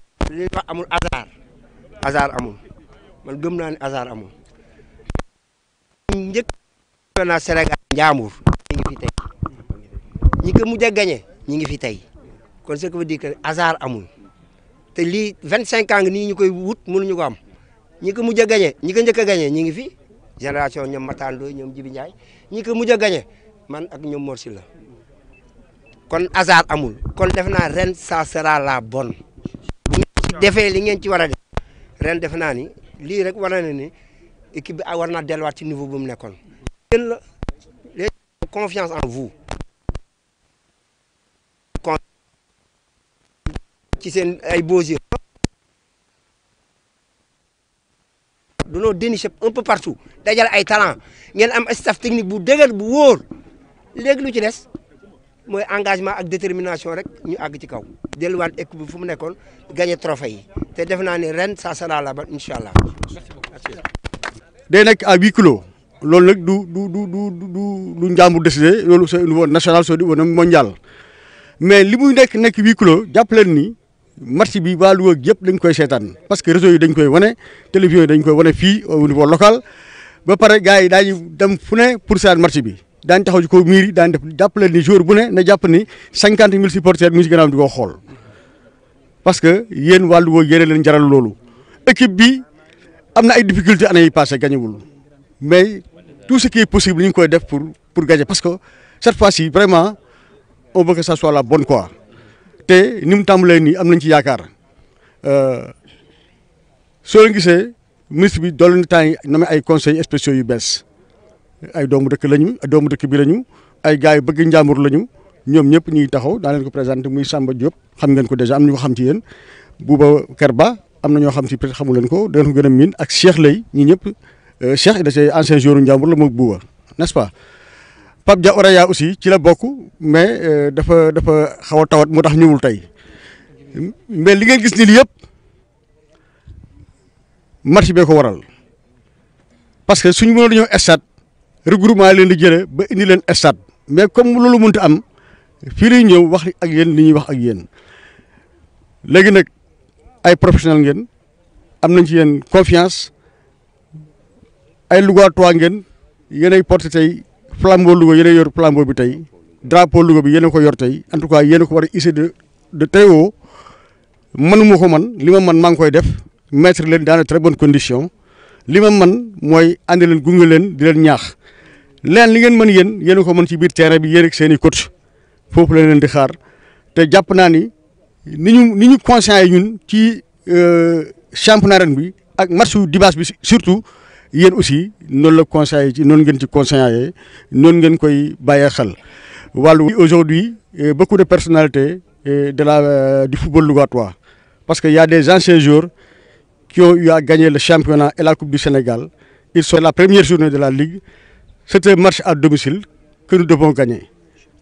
li ñuy amul hasard hasard amul man gëm naa ne hasard amul njëkk naa Sénégal njaambur ñi ngi fi tey ñi ko mujj a gagné ñi ngi fi tey kon ce que amul te lii vingt cinq ans nii ñu koy wut mënuñu ko am ñi ko mujj a gagné ñi ko njëkk a gagné ñi ngi fi génération ñoom Matandoo ñoom Jibi Ndiaye ñi ko mujj a gañe man ak ñoom Mor la kon hasard amul kon def naa ren ça sera la bon defe li ngeen ci war a def ren def naa ni lii rek war na ne ni équipe bi war naa delluwaat ci niveau bu mu nekkoon. yéen la les confiance en vous. ci seen ay beaux yeux. dunoo déniché un peu partout dajal ay talent ngeen am staff technique bu dëgër bu wóor léegi lu ci des. mooy engagement ak détermination rek ñu àgg ci kaw. delluwaat équipe fu mu nekkoon gagné trophée te def naa ne ren ça sera là-bas incha allah. de nekk a huis clos loolu nag du du du du du du njàmbur décidé loolu c'est au niveau national c'est au niveau mondial mais li muy nekk nekk huis clos jàpp leen ni match bi waa Louga yëpp dañ koy seetaan parce que réseau yi dañ koy wane télévision yi dañ koy wane fii au niveau local ba pare gars yi daañu dem fu ne pour seetaan match bi. daañu taxaw ci kaw miir yi daañu def jour bu ne na jàpp ni cinquante mille supporters mi ngi si xool parce que yéen wàllu woo yéen leen jaral loolu. équipe bi am na ay difficultés année yi passé gañewul mais tout ce qui est possible ñu koy def pour pour gagner parce que cette fois-ci vraiment on veut que ça soit la bonne quoi te ni mu tàmbalee nii am nañ ci yaakaar euh, soo gisee ministre bi doole na temps yi ay conseils spéciaux yu bees. ay doomu dëkk lañu doomu dëkk bi lañu ay gaay bëgg njaamur lañu ñoom ñëpp ñuy taxaw daa leen ko présenté muy Samba Diop xam ngeen ko déjà am ñu xam ci yéen Bouba Kerba am na ñoo xam ci peut être xamu leen ko da ñu ko gën a miin ak Cheikh Lay ñi ñëpp euh, Cheikh da cee ancien joueur njaamur la moog Bouba n'est-ce pas Pap Dia Oraya aussi ci la bokk mais euh, dafa dafa xaw a tawat moo tax ñëwul tey mais li ngeen gis ni li yëpp marché bee ko waral parce que suñu mënoon dañoo estat regroupement leen di jëlee ba indi leen stade mais comme loolu mun ti am fii lay ñëw wax ak yéen li ñuy wax ak yéen léegi nag ay professionnel ngeen am nañ ci yeen confiance ay Lougatois ngeen yéen ay porté tey flambeau boo yéen a yor flambeau bi tey drapeau Louga bi yéen a ko yor tey en tout cas yéen ko war a hisser de de tey woo mënuma ko man li man man maa ngi koy def mettre leen dans de très bonnes conditions li ma man mooy àndi leen gunge leen di leen ñaax. leen li ngeen mën yéen yéen ko mën ci biir terrain bi yéen ak seen i coach foofu la leen di xaar te jàpp naa ni ni ñu ni ñu conscient ñun ci euh, championnat ren bi ak match dimanche bi surtout yéen aussi noonu la conscient yi ci noonu ngeen ci conscient yee noonu ngeen koy bàyyee xel wàllu aujourd'hui euh, beaucoup de personnalités euh, de la du football lougatois parce que y a des anciens joueurs qui ont eu à gagner le championnat et la coupe du Sénégal ils sont la première journée de la ligue C'est un match à domicile que nous devons gagner,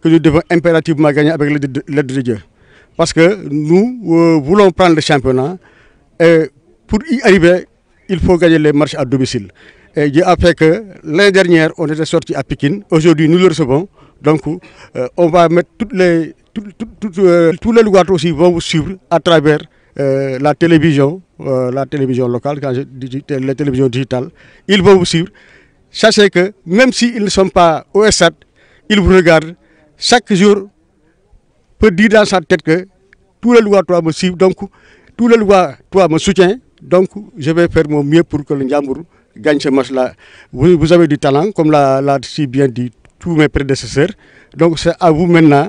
que nous devons impérativement gagner avec l'aide de Dieu. Parce que nous euh, voulons prendre le championnat et pour y arriver, il faut gagner les marches à domicile. Et Dieu a fait que l'année dernière, on était sorti à Pékin. Aujourd'hui, nous le recevons. Donc, euh, on va mettre toutes les, euh, tous les lugares aussi vont vous suivre à travers la télévision, la télévision locale, quand la télévision digitale. Ils vont vous suivre sachez que même s'ils ne sont pas au SAT, ils vous regardent chaque jour, peut dire dans sa tête que tous les lois toi, me soutiennent, donc tout le toi, me donc je vais faire mon mieux pour que le Ndiambour gagne ce match-là. Vous, avez du talent, comme l'a si bien dit tous mes prédécesseurs, donc c'est à vous maintenant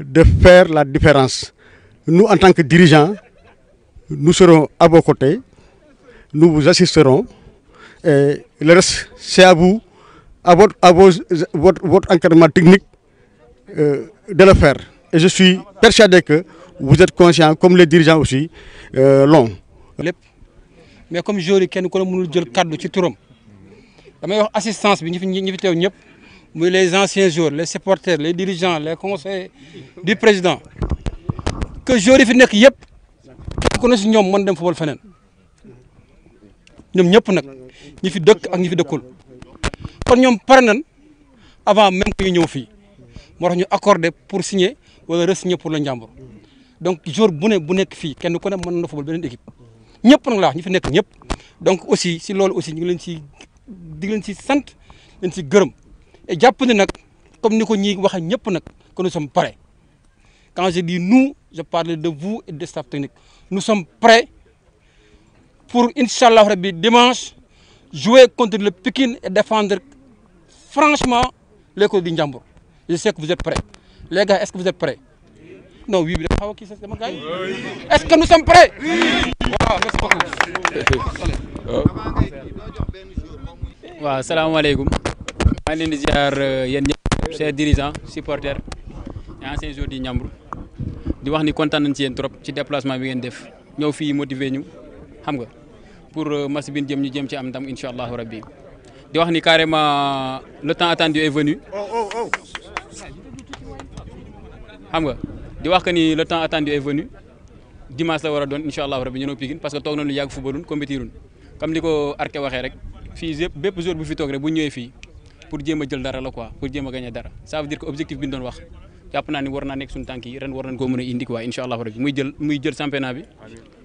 de faire la différence. Nous, en tant que dirigeants, nous serons à vos côtés, nous vous assisterons. Et euh, le reste, c'est à vous, à votre, encadrement technique euh, de le faire. Et je suis persuadé que vous êtes conscient, comme les dirigeants aussi, euh, l'ont. Mais comme je dis, nous avons le cadre de La meilleure assistance, les anciens joueurs, les supporters, les dirigeants, les conseils du président. Que Jori fi nek yépp connaissent ñom man dem football Nous ñom ñep nak ñi fi dëkk ak ñi fi dëkkul kon ñoom pare nañ avant même que ñu ñëw fii moo tax ñu accordé pour signer wala resigner pour le Ndiambour donc jour bu ne bu nekk fii kenn ku ne mën na football beneen équipe ñëpp nag la wax ñu fi nekk ñëpp donc aussi si loolu aussi ñu leen si di leen si sant leen si gërëm et jàpp ne nag comme ni ko ñi waxee ñëpp nag que nous sommes prêts quand je dis nous je parle de vous et de staff technique nous sommes prêts pour incha allah rabbi dimanche jouer contre le Pékin et défendre franchement l'école coup Je sais que vous êtes prêts. Les gars, est-ce que vous êtes prêts Non, oui, Est-ce que nous sommes prêts Oui merci beaucoup. salam alaikum. Je suis un dirigeant, déplacement Nous sommes motivés pour euh, Massibine bi ñu jëm ci am ndam inshallah rabbi di wax ni carrément le temps attendu est venu oh, oh, oh. xam nga di wax que ni le temps attendu est venu dimanche la wara don inshallah incha rabbi ñu no Pikine parce que tok nañu yag footballun compétirun comme li arké waxé rek fi bép jour bu fi tok rek bu ñëwé fi pour jéem a jël dara la quoi pour jéem gagner dara ça veut dire que objectif bi ñu doon wax jàpp naa ni war na nek suñu tanki ren war nañ ko mëna indi quoi incha rabbi muy jël muy jël championnat bi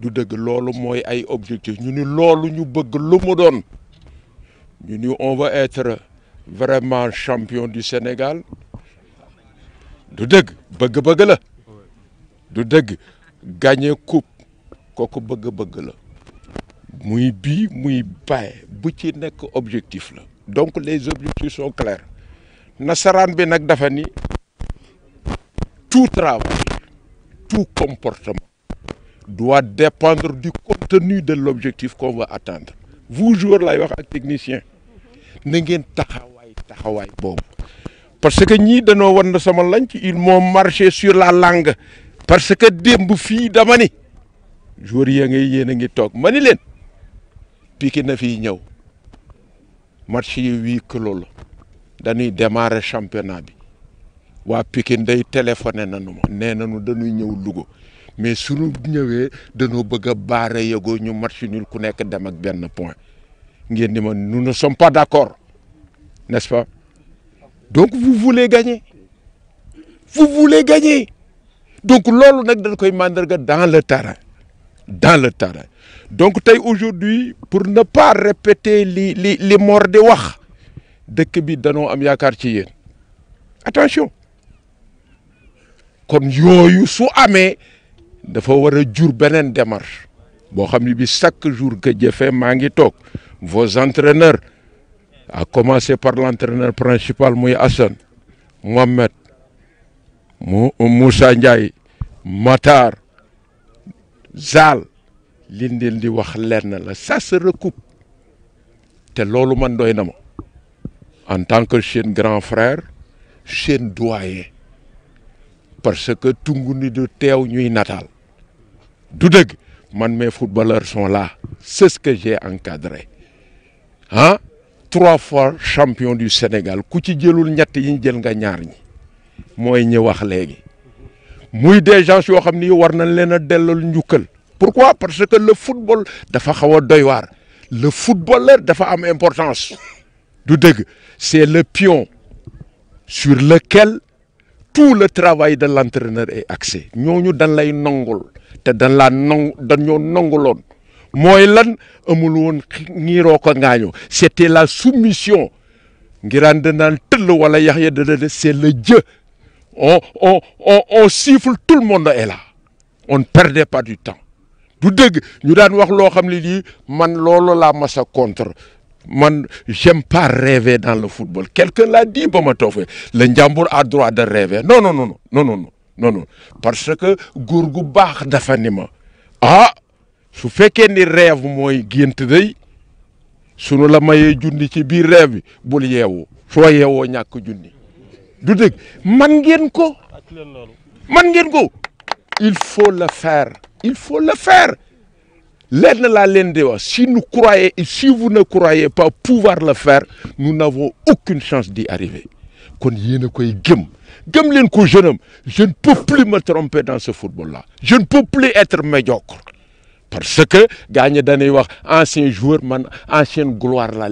du objectif ñu nous loolu Nous on va être vraiment champion du Sénégal Nous bëgg la gagner coupe Nous, bëgg-bëgg la objectif donc les objectifs sont clairs Nassaran bi tout travail tout comportement doit dépendre du contenu de l'objectif qu'on veut atteindre vous jouez là wax ak technicien ngeen Tahawai. parce que nous danoo war ils m'ont marché sur la langue parce que démb fi dama ni ya yene ngi piki na fi ñew match yi wi lolu dañuy démarrer championnat bi wa piki ndey téléphoné ma nañu dañuy mais si nous voulons gagner, point nous ne sommes pas d'accord n'est-ce pas donc vous voulez gagner vous voulez gagner donc là, nous dañ dans le terrain dans le terrain donc aujourd'hui pour ne pas répéter les morts de morts de wax nous bi danoo attention Comme vous su il faut a jur beneen démarche boo xam chaque jour que je fais vos entraîneurs à commencer par l'entraîneur principal muy asan Mohamed Moussa Ndiaye Matar Zal li ça se recoupe man en tant que chien grand frère Chien doyen parce que tungu ni du teew ñuy N'atal du dëgg man mes footballeurs sont là c'est ce que j'ai encadré Hein? trois fois champion du Sénégal ku ci jëlul ñett yi ñu jël nga ñaar ñi mooy ñi wax muy des gens war nañ leen pourquoi parce que le football dafa xaw doywar. le footballeur dafa am importance du dëgg c'est le pion sur lequel tout le travail de l'entraîneur est axé ñooñu dañ lay nongul te dañ la nong dañ ñoo nonguloon mooy lan amul woon ñiiroo c'était la soumission ngiraan danaan le wala yahya de de c'est le dieu. on on on on siffle tout le monde est là on ne perdait pas du temps du dëgg ñu daan wax loo xam ne man lolo la contre je j'aime pas rêver dans le football. Quelqu'un l'a dit, bon Le Ndjambour a droit de rêver. Non, non, non, non, non, non, non, Parce que Gourgou Bach Ah, ni rêve rêves, sunu la bi il faut le faire il faut le faire la si nous croyez et si vous ne croyez pas pouvoir le faire, nous n'avons aucune chance d'y arriver. Je ne peux plus me tromper dans ce football-là. Je ne peux plus être médiocre. Parce que gagner d'année, ancien joueur, ancienne gloire, la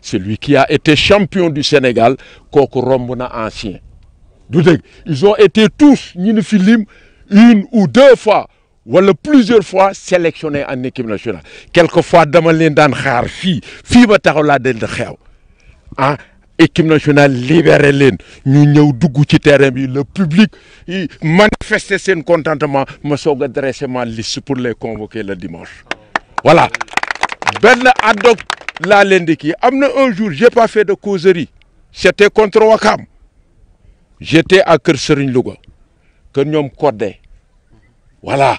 celui qui a été champion du Sénégal, Koko Rombona ancien. Ils ont été tous, une ou deux fois, wala plusieurs fois sélectionné en équipe nationale quelquefois dama suis daan xaar fii fii ba taxaw laa de ah, équipe nationale libéré Nous ñu terrain le public manifesté son contentement Je suis adressé dressé ma liste pour les convoquer le dimanche voilà Je n'ai la un jour j'ai pas fait de causerie c'était contre Wakam j'étais à Kër Serigne Que nous sommes Codé voilà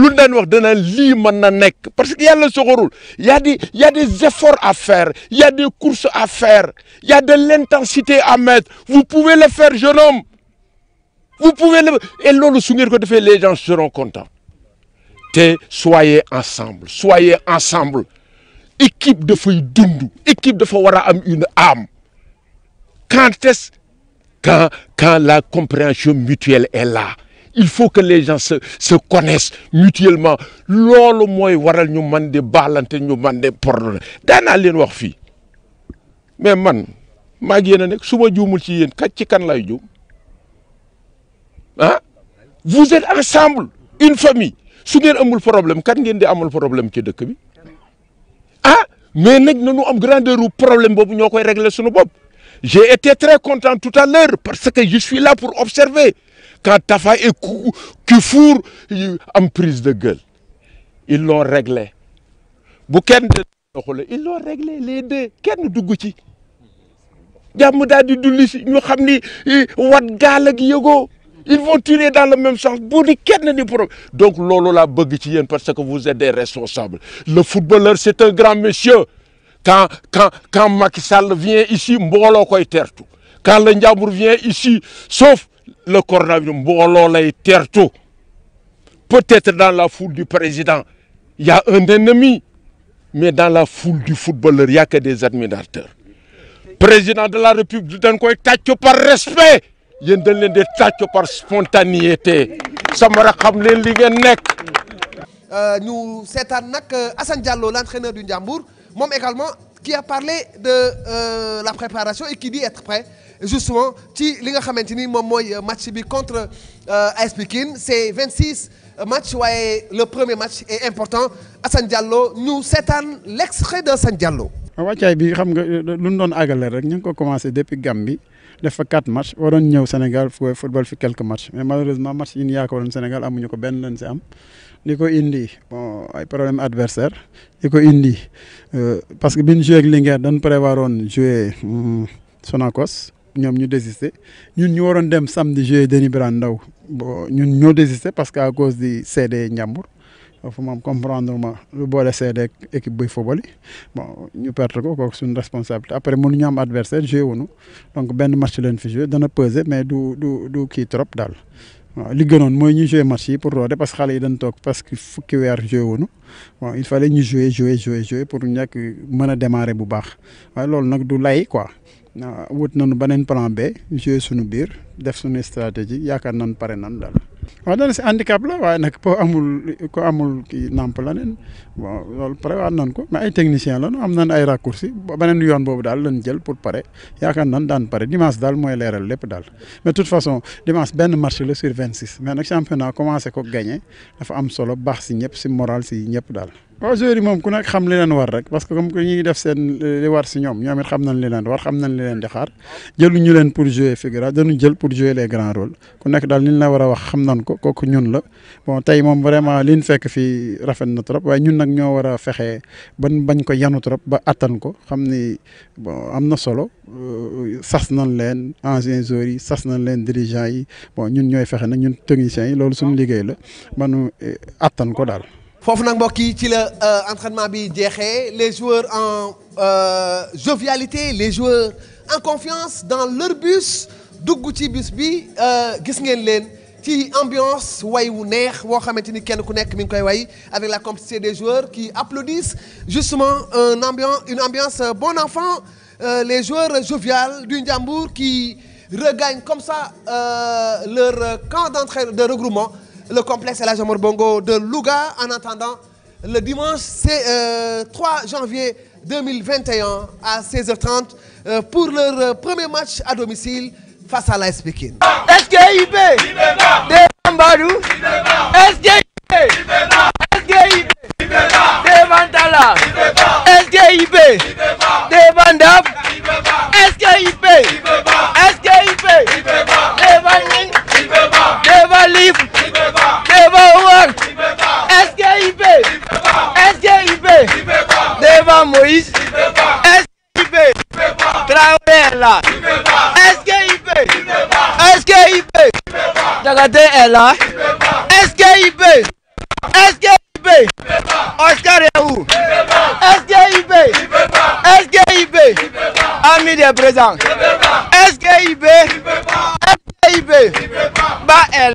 Il parce que y a des y a des efforts à faire Il y a des courses à faire Il y a de l'intensité à mettre vous pouvez le faire jeune homme vous pouvez le et que tu que les gens seront contents soyez ensemble soyez ensemble équipe de feuilles équipe de une âme quand quand quand la compréhension mutuelle est là il faut que les gens se se connaissent mutuellement loolu moy waral ñu man di et ñu man di pardonner daanaa leen wax fi. mais man maa ngi yéen a nekk su ci yeen kat kan lay ah vous êtes ensemble une famille su ngeen amul problème kan ngeen di amul problème ci dëkk bi ah mais nous nañu am grandeur roue problème bobu ñokoy régler suñu bop. j'ai été très content tout à l'heure parce que je suis là pour observer quand Tafa et Kufour ont prise de gueule. Ils l'ont réglé. Ils l'ont réglé, les deux. quest ce que nous di dulli si ñu wat qui ils vont tirer dans le même sens donc lolo la parce que vous êtes des responsables le footballeur c'est un grand monsieur quand quand quand Macky Sall vient ici Mbolo koy tertu quand le vient ici sauf le coronavirus lay peut-être dans la foule du président il y a un ennemi mais dans la foule du footballeur il n'y a que des admirateurs président de la république vous un tâche par respect Je dañ leen par spontanéité Ça me xam les Nous, C'est ñu que euh, Diallo l'entraîneur du Ndiambour également qui a parlé de euh, la préparation et qui dit être prêt justement ci li nga xamante ni moom euh, match bi contre euh, AS Pikine c'est 26 euh, matchs waaye le premier match est important à Assane Diallo ñu seetaan l'extrait de San Diallo. Ah, wàccaay bi xam nga lu doon àggale rek ñu commencé depuis Gambie def fa quatre matchs waroon au Sénégal pour football fi quelques matchs mais malheureusement match yi ñu au Sénégal amuñu ko benn lañ si am a ko indi bon ay problème adversaire il ko indi parce que bi jouer joué ak Linguère dañ prévoir jouer hmm, Sonakos ñom ñu désisté ñun ñu waron dem samedi jouer Denis Brandaw Ndao bon ñun ñoo désisté parce que à cause di CD Ñambour faut mam comprendre ma le bolé CD équipe buy footballi, bon ñu perdre ko ko suñu responsabilité après mënuñu am adversaire jouer wuñu donc ben match leen fi jouer dana peser mais du du du ki trop dal li gënon moy ñu jouer match yi pour roode parce que xalé yi dañ tok parce que fukki weer joué wuñu bon il fallait ñu jouer jouer jouer jouer pour ñak mëna démarrer bu baax way lool nak du lay quoi na wut nañu benen plan B jouer suñu biir def suñu stratégie yaakaar nan pare nan dal wa dana si handicap la waaye nag po amul ko amul ki namp la nen bon loolu pare waat nan ko mais ay technicien la am nan ay raccourci beneen yoon boobu daal lañ jël pour pare yaakaar nan daan pare dimanche daal mooy leeral lépp daal mais toute façon dimanche benn match la sur 26 mais nag championnat commencé ko gagné dafa am solo baax si ñëpp si moral si ñëpp daal waaw joueurs yi moom ku nekk xam li leen war rek parce que comme def seen li war si ñoom xam nañ li leen xam nañ li leen di xaar jëluñu leen pour jouer figura dañu jël pour jouer les grands rôles ku nekk daal li ñu la war a wax xam nañ ko kooku ñun la bon tey moom vraiment li ñu fekk fii rafet na trop waaye ñun nag ñoo war a fexe ban bañ ko yanu trop ba attan ko xam ni bon am na solo euh, sas nañ leen anciens joueurs yi sas nañ leen dirigeants yi bon ñun ñooy fexe nag ñun techniciens yi loolu suñu liggéey la ba nu eh, attan ko daal. Euh, entraînement les joueurs en euh, jovialité les joueurs en confiance dans leur bus dugg ci bus bi euh, gis ci ambiance neex avec la complicité des joueurs qui applaudissent justement un une ambiance bon enfant les joueurs jovial du Ndiambour qui regagnent comme ça leur camp d'entraînement de regroupement le complexe El Jamor Bongo de Louga. En attendant, le dimanche c'est, 3 euh, janvier 2021 à 16h30 euh, pour leur euh, premier match à domicile face à l'AS Pikine. Moïse Est-ce qu'il peut là. Est-ce qu'il peut Est-ce qu'il peut là. Est-ce qu'il peut est Oscar est où Est-ce qu'il peut Est-ce qu'il peut Ami des présents. Est-ce qu'il peut Est-ce qu'il peut Bah elle.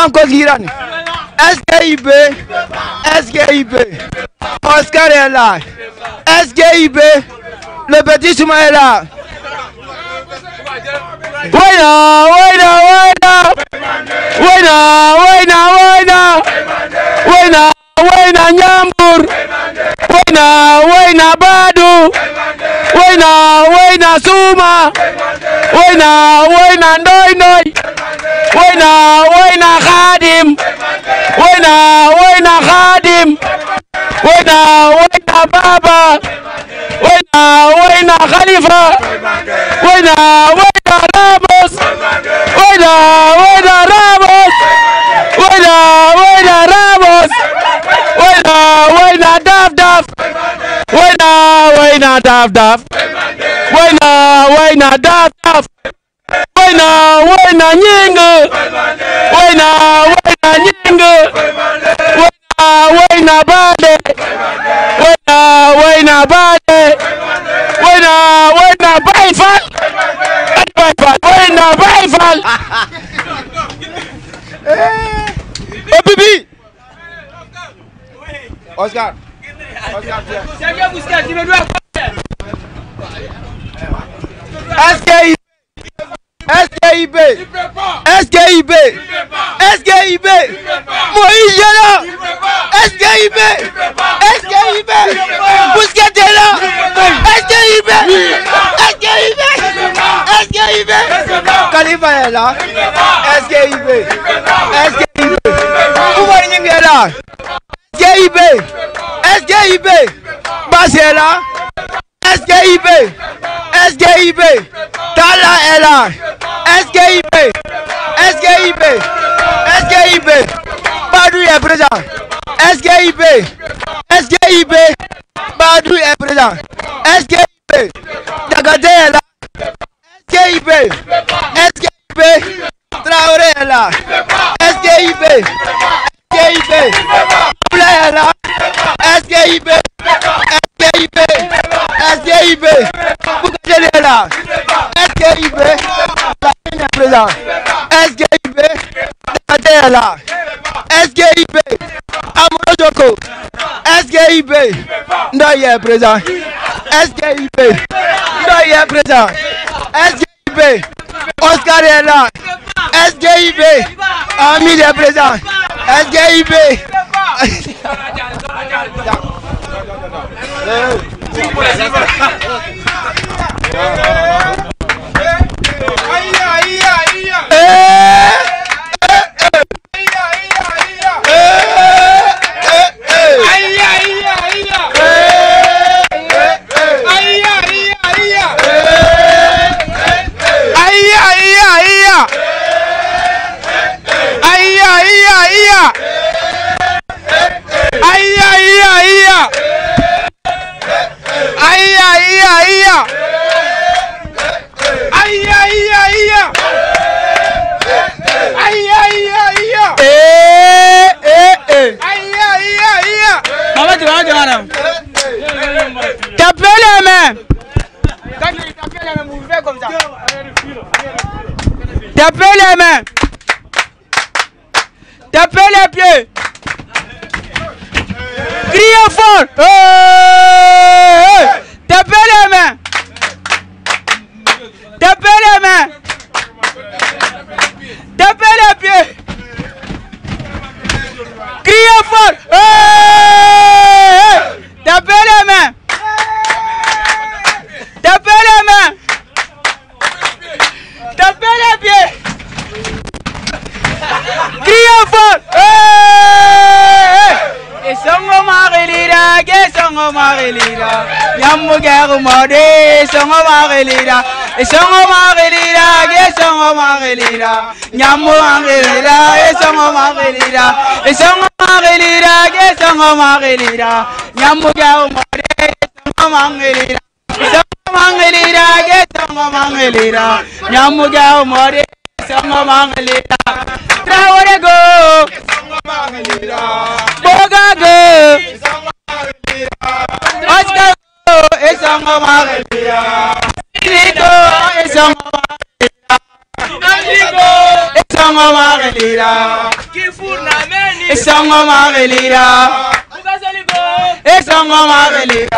Banko Girani, SGIB SGIB Oscar est là, SGIB le petit Souma est là. Waina, waina, waina, waina, waina, waina, waina, waina Nyambur, waina, waina Badu, waina, waina Suma, waina, waina Ndoi Ndoi. وينا وينا خادم وينا وينا خادم وينا وينا بابا وينا وينا خليفة وينا وينا راموس وينا وينا راموس وينا وينا راموس وينا وينا داف داف وينا وينا داف داف وينا وينا داف داف woy naa woy naa ñing woy naa woy naa ñing woy naa woy naa baade woy naa woy Ayala, SK Ibe, SK Ibe, Umar Nyingela, SK Ibe, SK Ibe, Tala Ela, SK Ibe, SK Badu Ebreza, SK Ibe, SK Badu Badu Ebreza. Adéyẹlá SK Ibe e Amúlójókò SK Ibe Ndoye Preza SK Ibe Ndoye Preza e Oscar Ela SK Ibe e Amide Preza Yeah. iya iya. Iya iya iya. Iya iya iya. Iya iya iya. Iya iya iya. Eh eh eh. Iya iya iya. Mama ti mama ti mana. Tapele me. Tapele me. Tapele me. Tapez les pieds. Criez fort. Tapez les mains. Tapez les mains. Tapez les pieds. Criez fort. makilila. Yamugeru mode, songo makilila. Songo makilila, ge songo makilila. Nyamu makilila, ge songo makilila. Songo makilila, ge songo makilila. Yamugeru mode, songo makilila. Songo makilila, ge songo makilila. Yamugeru mode, songo makilila. Traore go, songo makilila. Boga go. Oscar ezongo marelia Nico ezongo marelia ezongo marelia Kifuna meni ezongo marelia ezongo marelia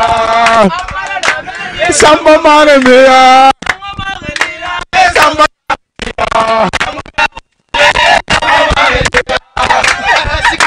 Samba marelia Samba marelia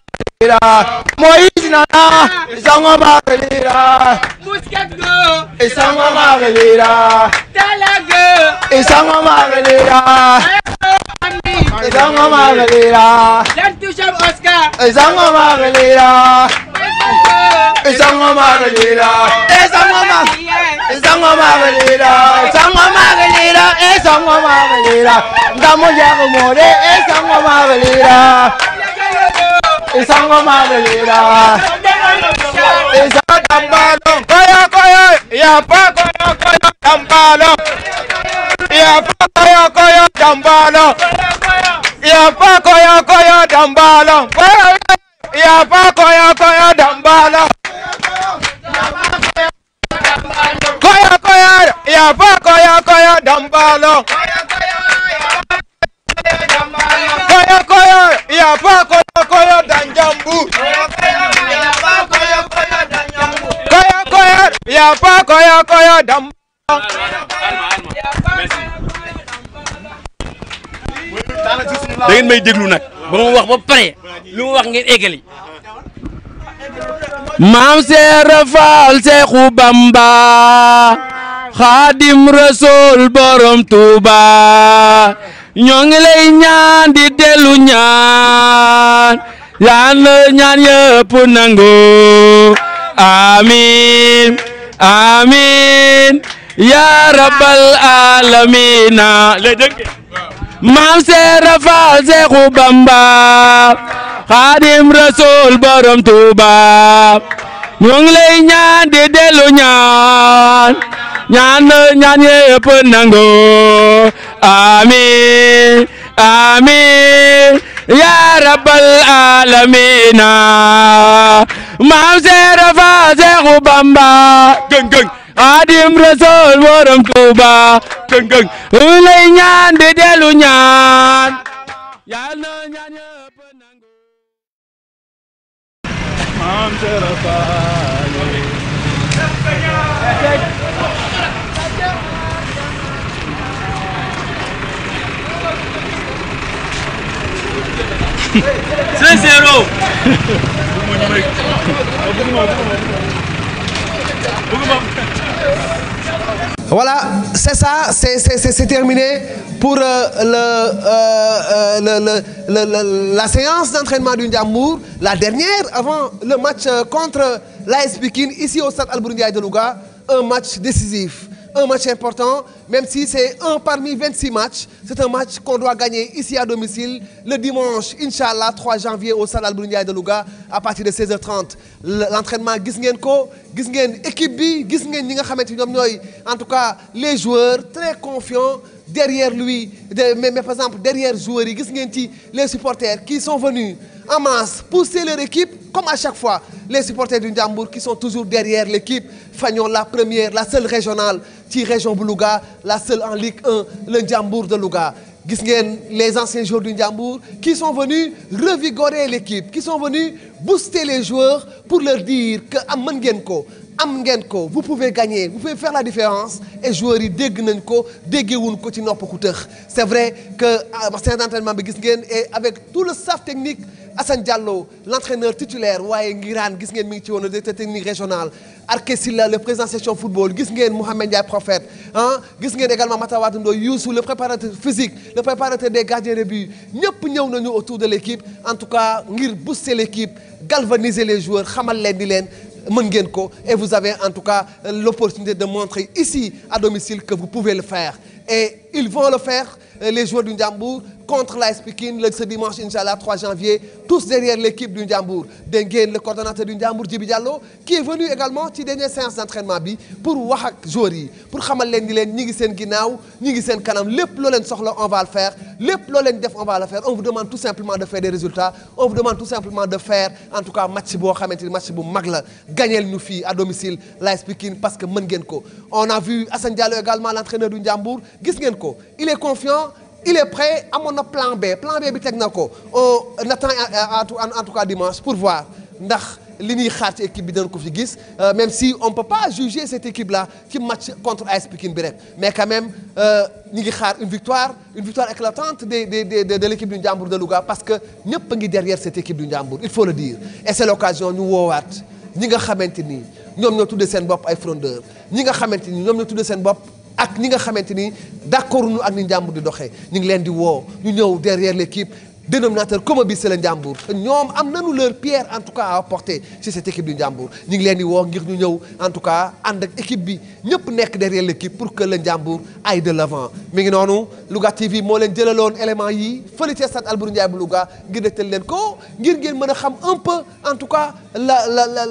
Moïse nana ezango mabelela muskego ezango velira, talago ezango mabelela ezango mabelela lantushab oscar velira, mabelela velira, mabelela ezango ma ezango velira, ezango velira, ezango ya ndamoyago more ezango velira. Isang mamamili na. Isang tambalong. Kaya, kaya. Iyapa, kaya, kaya. Tambalong. Iyapa, kaya, kaya. Tambalong. Iyapa, kaya, kaya. Tambalong. Kaya, kaya. Iyapa, kaya, kaya. Tambalong. Kaya, kaya. Iyapa, kaya, kaya. Tambalong. Kaya, kaya. Iyapa, kaya. ya fa koyo koyo dan ba mu wax ba pare lu mu wax ngeen maam seera faal seexu bamba xaadim rasul borom tuuba ñoo ngi lay ñaan di dellu ñaan yal na ñaan yëpp nangu amiin amiin yaa rabbal aalamiina maam Seera Faal Seexu Bamba Xaadim Rasuul borom Tuuba ñu lay ñaan di dellu ñaan ñaan ñaan yépp nangu amiin amiin yaa rabbal aalamiina maam Seera Seexu Bamba gëng gëng Xaadim Rasuul borom Tuuba gëng gëng u lay di delu ñaan yal na ñaan ñëpp nangu maam 0 Voilà, c'est ça, c'est terminé pour euh, euh, euh, le, la séance d'entraînement du la dernière avant le match contre l'AS ici au stade al de Louga, un match décisif, un match important même si c'est un parmi 26 matchs, c'est un match qu'on doit gagner ici à domicile le dimanche, Inch'Allah, 3 janvier au Salal Brunei de Luga... à partir de 16h30. L'entraînement, gis ko, équipe bi, en tout cas les joueurs très confiants derrière lui, mais, par exemple derrière joueurs les supporters qui sont venus en masse pousser leur équipe, comme à chaque fois, les supporters du Ndiambour qui sont toujours derrière l'équipe, Fagnon, la première, la seule régionale, région la seule en Ligue 1 le de Louga les anciens joueurs du Ndiambour qui sont venus revigorer l'équipe qui sont venus booster les joueurs pour leur dire que am am vous pouvez gagner vous pouvez faire la différence et joueurs yi dégg nañ ko déggewuñ ko ci ku c'est vrai que ah, bah, seen entraînement bi gis et avec tout le staff technique Hassan Diallo l'entraîneur titulaire Waye Ngiraan gis ngeen mi ci woon directeur technique régional Arke Silla le président section football gis Mohamed Mouhamed prophète ah gis également Matawat le préparateur physique le préparateur des gardiens de but ñëpp ñëw nañu autour de l'équipe en tout cas ngir booster l'équipe galvaniser les joueurs xamal leen di et vous avez en tout cas euh, l'opportunité de montrer ici à domicile que vous pouvez le faire et ils vont le faire euh, les joueurs du Ndjambou contre l'ice le ce dimanche inchallah 3 janvier tous derrière l'équipe du Ndiambour Dengue, le coordonnateur du Ndiambour Djibi Diallo qui est venu également la dernière séance d'entraînement pour Wahak Jori, pour xamal leen Nigisen leen ñi ngi le, kanam on va le faire Le plolen def on va le faire on vous demande tout simplement de faire des résultats on vous demande tout simplement de faire en tout cas match bo xamante match bu gagner à domicile l'Ice parce que mën on a vu Assane Diallo également l'entraîneur du Ndiambour gis il est confiant il est prêt à mon plan B plan B bi technique. on attend en tout cas dimanche pour voir ndax li équipe bi dañ ko euh, même si on peut pas juger cette équipe là qui match contre AS Pikine bi mais quand même euh, ñi ngi xaar une victoire une victoire éclatante de de de de de du Ndiambour de Louga parce que ñëpp derrière cette équipe du Ndiambour il faut le dire et c'est l'occasion nous occasion voir. woowaat ñi nga xamante ni ñoom ñoo tuddee seen ay frondeurs ñi ak ñi nga xamante ni d'accord nu ak ni njàmbur di doxee ñu ngi leen di woo ñu ñëw derrière l'équipe dénominateur commun bi c'est le Ndiambour ñoom am nañu leur pierre en tout cas à apporter ci cette équipe du njàmbur ñu ngi leen di woo ngir ñu ñëw en tout cas ànd ak équipe bi ñëpp nekk derrière l'équipe pour que le Ndiambour aille de l'avant mi ngi noonu Louga TV moo leen jëlaloon élément yi fële ca stade Alboury Ndiaye bu Louga ngir dëgtal leen ko ngir ngeen mën a xam un peu en tout cas la la la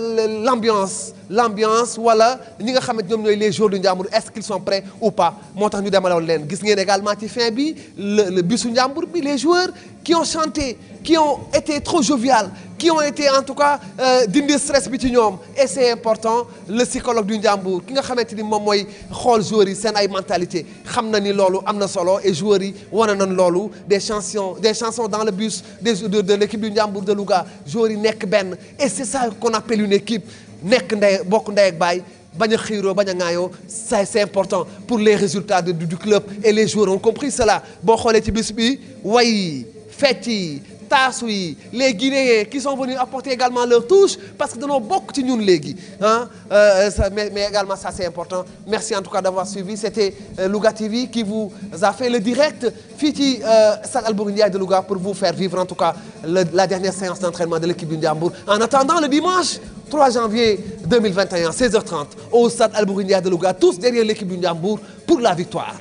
l'ambiance l'ambiance wala ñi nga xamante ñoom les joueurs du Ndiambour, est-ce qu'ils sont prêts ou pas moo ñu démalaw leen gis ngeen également ci fin bi le bus du Ndiambour. bi les joueurs qui ont chanté qui ont été trop jovial qui ont été en tout cas euh, dindi stress bi ci ñom et c'est important le psychologue du njàmbur ki nga xamé ni mom moy xol joueurs yi sen ay mentalité xamna ni lolu amna solo et joueurs yi wane nan lolu des chansons des chansons dans le bus des de l'équipe du Ndiambour de Louga joueurs yi nek ben et c'est ça qu'on appelle une équipe ça c'est important pour les résultats du club et les joueurs ont compris cela Bonjour ci bis bi way les Guinéens qui sont venus apporter également leur touche parce que nous avons ci ñun hein. euh, mais mais également ça c'est important merci en tout cas d'avoir suivi c'était euh, Louga TV qui vous a fait le direct Fiti, euh, salle de Louga pour vous faire vivre en tout cas la dernière séance d'entraînement de l'équipe du Ndiambour en attendant le dimanche 3 janvier 2021, 16h30, au stade Albourindia de Louga, tous derrière l'équipe du Ndiambour pour la victoire.